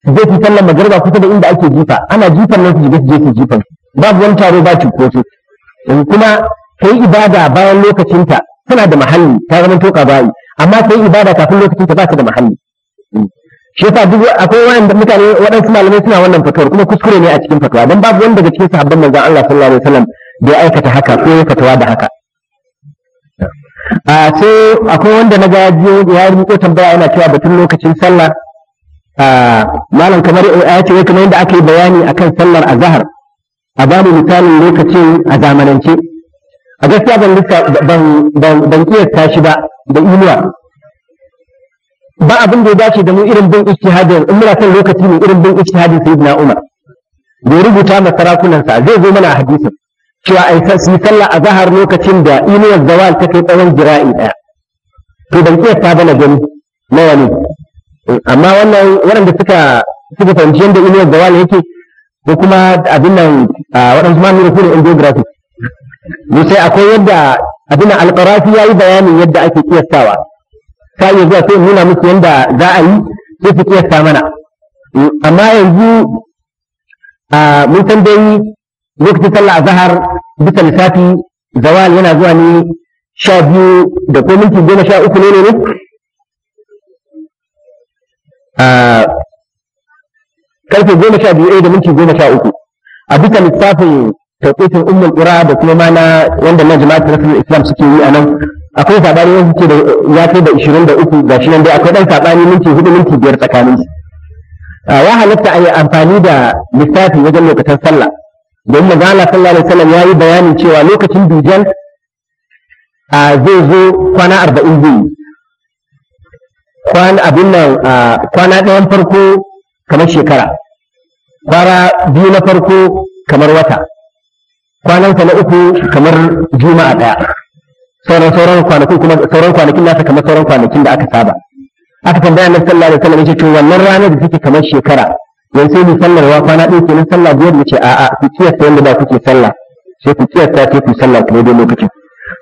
su je su sallar magariba kusa da inda ake jifa ana jifan nan su je su je su jifan babu wani taro ba ci kotu kuma yi ibada bayan lokacinta tana da mahalli ta zama toka bayi amma yi ibada kafin lokacinta ba ta da mahalli shi yasa duk akwai wanda mutane waɗansu malamai suna wannan fatuwar kuma kuskure ne a cikin fatuwa dan babu wanda daga cikin sahabban manzon Allah sallallahu alaihi wasallam da ya aikata haka ko ya fatawa da haka a sai akwai wanda na gaji ya yi rubuto tambaya yana cewa batun lokacin sallah malam kamar ya ce kamar yadda aka yi bayani akan sallar azahar a ba mu misalin lokacin a zamanance a gaskiya ban ban ban kiyasta shi ba da inuwa ba abin da ya dace da mu irin bin ijtihadin in muna son lokaci ne irin bin ijtihadin sayyidina Umar da rubuta ma sarakunansa zai zo mana a hadisin cewa ai su yi sallah a zahar lokacin da inuwar zawal ta kai tsawon jira'i ɗaya to ban iya ta bana gani nawa ne amma wannan waɗanda suka suka fahimci yadda inuwar zawal yake ko kuma abin nan waɗansu ma nuna kuma angiography ne sai akwai yadda abin nan alƙarafi ya yi bayanin yadda ake kiyastawa ta iya zuwa sai nuna musu yadda za a yi sai su kiyasta mana amma yanzu mun san dai lokacin sallah zahar bisa lissafi zawal yana zuwa ne sha biyu da ko minti goma sha uku ne ne ne? karfe goma sha biyu da minti goma sha uku a bisa lissafin tauƙitin ummul qura da kuma mana wanda na jama'atul rasul islam suke yi a nan akwai sabani wanda suke da ya kai da ga shi nan dai akwai dan sabani minti hudu minti biyar tsakanin su ya halatta a yi amfani da lissafi wajen lokacin sallah don maza Allah sallallahu alaihi wasallam yayi bayanin cewa lokacin dujan a zai zo kwana arba'in zai kwana abin nan kwana ɗayan farko kamar shekara kwana biyu na farko kamar wata kwanansa na uku kamar juma'a ɗaya sauran sauran kwanakin kuma sauran kwanakin nasa kamar sauran kwanakin da aka saba aka tambaya na sallallahu alaihi wasallam yace to wannan ranar da take kamar shekara yan sai mu sallar wa kwana ɗaya kenan sallah biyar mu a a'a ku kiyasta yanda ba kuke sallah sai ku kiyasta sai ku sallah ku dai lokacin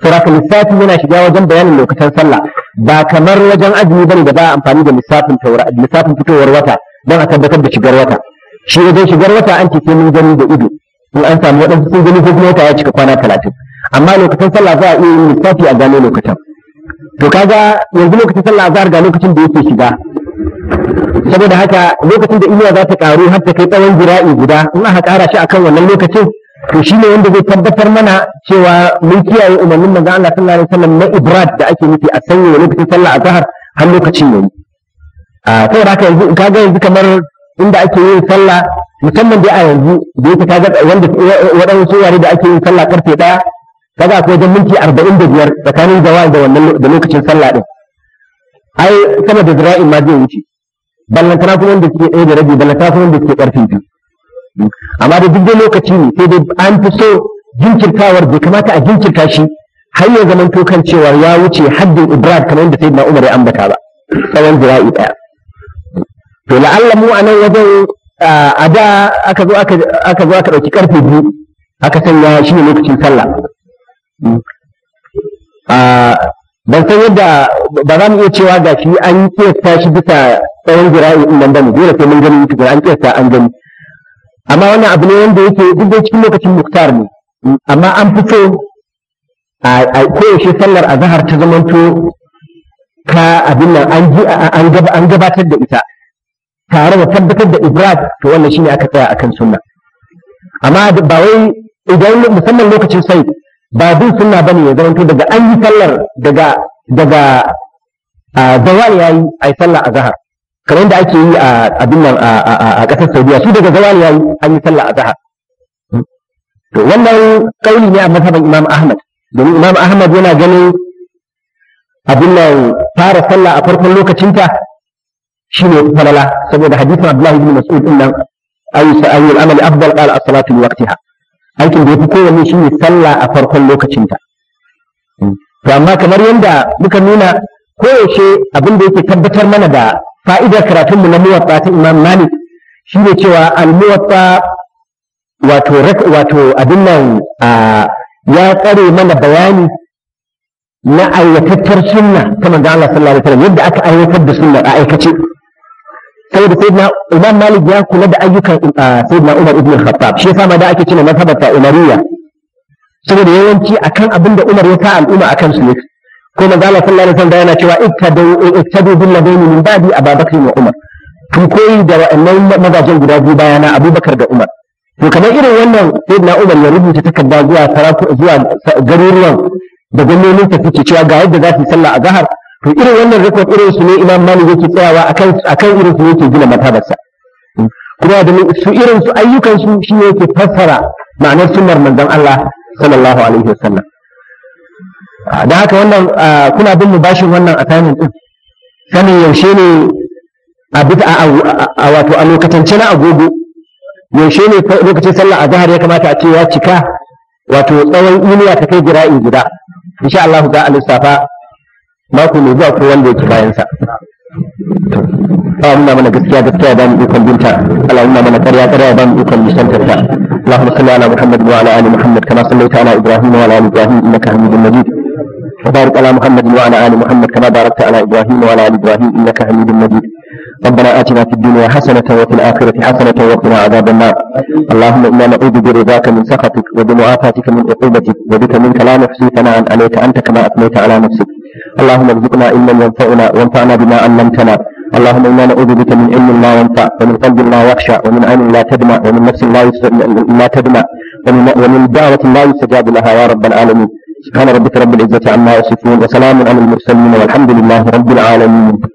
saboda lissafi yana shiga wajen bayanin lokacin sallah ba kamar wajen azumi bane da ba amfani da lissafin lissafin fitowar wata don a tabbatar da shigar wata shi wajen shigar wata an ce sai mun gani da ido in an samu waɗansu sun gani ko kuma wata ya cika kwana talatin amma lokacin sallah za a iya yin lissafi a gano lokacin to kaga yanzu lokacin sallah za a riga lokacin da yake shiga saboda haka lokacin da inuwa za ta karu har ta kai tsawon jira'i guda in aka kara shi akan wannan lokacin to shi ne wanda zai tabbatar mana cewa mun kiyaye umarnin manzo Allah sallallahu alaihi wasallam na ibrad da ake nufi a sanya lokacin sallah azhar har lokacin yayi a da haka yanzu kaga yanzu kamar inda ake yin sallah musamman dai a yanzu da yake kaga wanda waɗansu yare da ake yin sallah karfe ɗaya kaga akwai wajen minti arba'in da biyar tsakanin jawal da wannan da lokacin sallah ɗin ai sama da zira'in ma zai wuce ballantana kuma wanda suke ɗaya da rabi ballantana kuma wanda suke ƙarfi biyu amma da duk da lokaci ne sai dai an fi so jinkirtawar bai kamata a jinkirta shi har ya zaman kan cewa ya wuce haddin ibrahim kamar yadda sayyidina umar ya ambata ba tsawon zira'i ɗaya to la'alla mu a nan wajen a da aka zo aka zo aka ɗauki ƙarfe biyu aka sanya shi ne lokacin sallah ban san yadda ba za mu iya cewa ga shi an kiyasta shi bisa tsawon jira'i din nan ba mu dole sai mun gani tukuna an kiyasta an gani amma wannan abu ne wanda yake duk da cikin lokacin muktar ne amma an fi so a koyaushe sallar azahar ta zamanto ka abin nan an gabatar da ita tare da tabbatar da ibrad to wannan shine aka tsaya akan sunna amma ba wai idan musamman lokacin sai ba bin sunna ne ya zamanto daga an yi sallar daga daga zawal yayi ai sallah zahar kamar da ake yi a abin nan a ƙasar Saudiya su daga zawal yayi an yi sallah zahar hmm. to wannan kauli ne a mazhaban Imam Ahmad domin Imam Ahmad yana ganin abin nan fara sallah a farkon lokacinta shi ne falala saboda hadisin Abdullahi ibn Mas'ud din nan Ayyul amali afdal qala as-salatu li waqtiha aikin da ya fi kowanne shi ne sallah a farkon lokacinta to amma kamar yadda muka nuna koyaushe abin da yake tabbatar mana da fa'idar karatunmu na muwatta ta imam malik shi ne cewa almuwatta wato wato abin nan ya tsare mana bayani na aiwatattar sunna ta manzo Allah sallallahu alaihi wasallam yadda aka aiwatar da sunna a aikace saboda sayyidina Imam Malik ya kula da ayyukan uh, sayyidina Umar ibn Khattab shi yasa ma da ake cewa mazhabar ta Umariyya saboda yawanci akan abin da Umar ya sa al'umma akan su ne ko manzo Allah sallallahu alaihi wasallam yana cewa ittadu ittadu bil ladaini min ba'di Abubakar wa Umar kun koyi da wa'annan mazajen guda biyu bayana Abubakar da Umar to kamar irin wannan sayyidina Umar ya rubuta takarda zuwa saraku zuwa garuruwan da gwamnonin ta suke cewa ga yadda za su yi sallah a zahar to irin wannan rukun irin su ne imam malik yake tsayawa akan akan irin su yake gina matabarsa hmm. kuma da su irin su ayyukan su shi yake fassara ma'anar sunnar manzon Allah sallallahu alaihi wasallam ah, da haka wannan ah, kuna bin mu bashin wannan a tanin din sanin yaushe ne a bita a wato a lokacance na agogo yaushe ne lokacin sallah a zahar ya kamata a ce ya cika wato tsawon iliya ta kai jira'i guda insha Allah ga a mako mai zuwa ko wanda yake bayan sa اللهم من قسيا قسيا بان يكون بنتا اللهم من قريا قريا بان يكون بشنتتا اللهم صل على محمد وعلى ال محمد كما صليت على ابراهيم وعلى ال ابراهيم انك حميد مجيد وبارك على محمد وعلى ال محمد كما باركت على ابراهيم وعلى ال ابراهيم انك حميد مجيد ربنا آتنا في الدنيا حسنة وفي الآخرة حسنة وقنا عذاب النار اللهم إنا نعوذ برضاك من سخطك وبمعافاتك من عقوبتك وبك منك لا نحصي ثناء عليك أنت كما أثنيت على نفسك اللهم ارزقنا علما ينفعنا وانفعنا بما علمتنا اللهم انا نعوذ بك من علم لا ينفع ومن قلب لا يخشى ومن عين لا تدمع ومن نفس لا لا تدمع ومن ومن دعوة لا يستجاب لها يا رب العالمين سبحان ربك رب العزة عما يصفون وسلام على المرسلين والحمد لله رب العالمين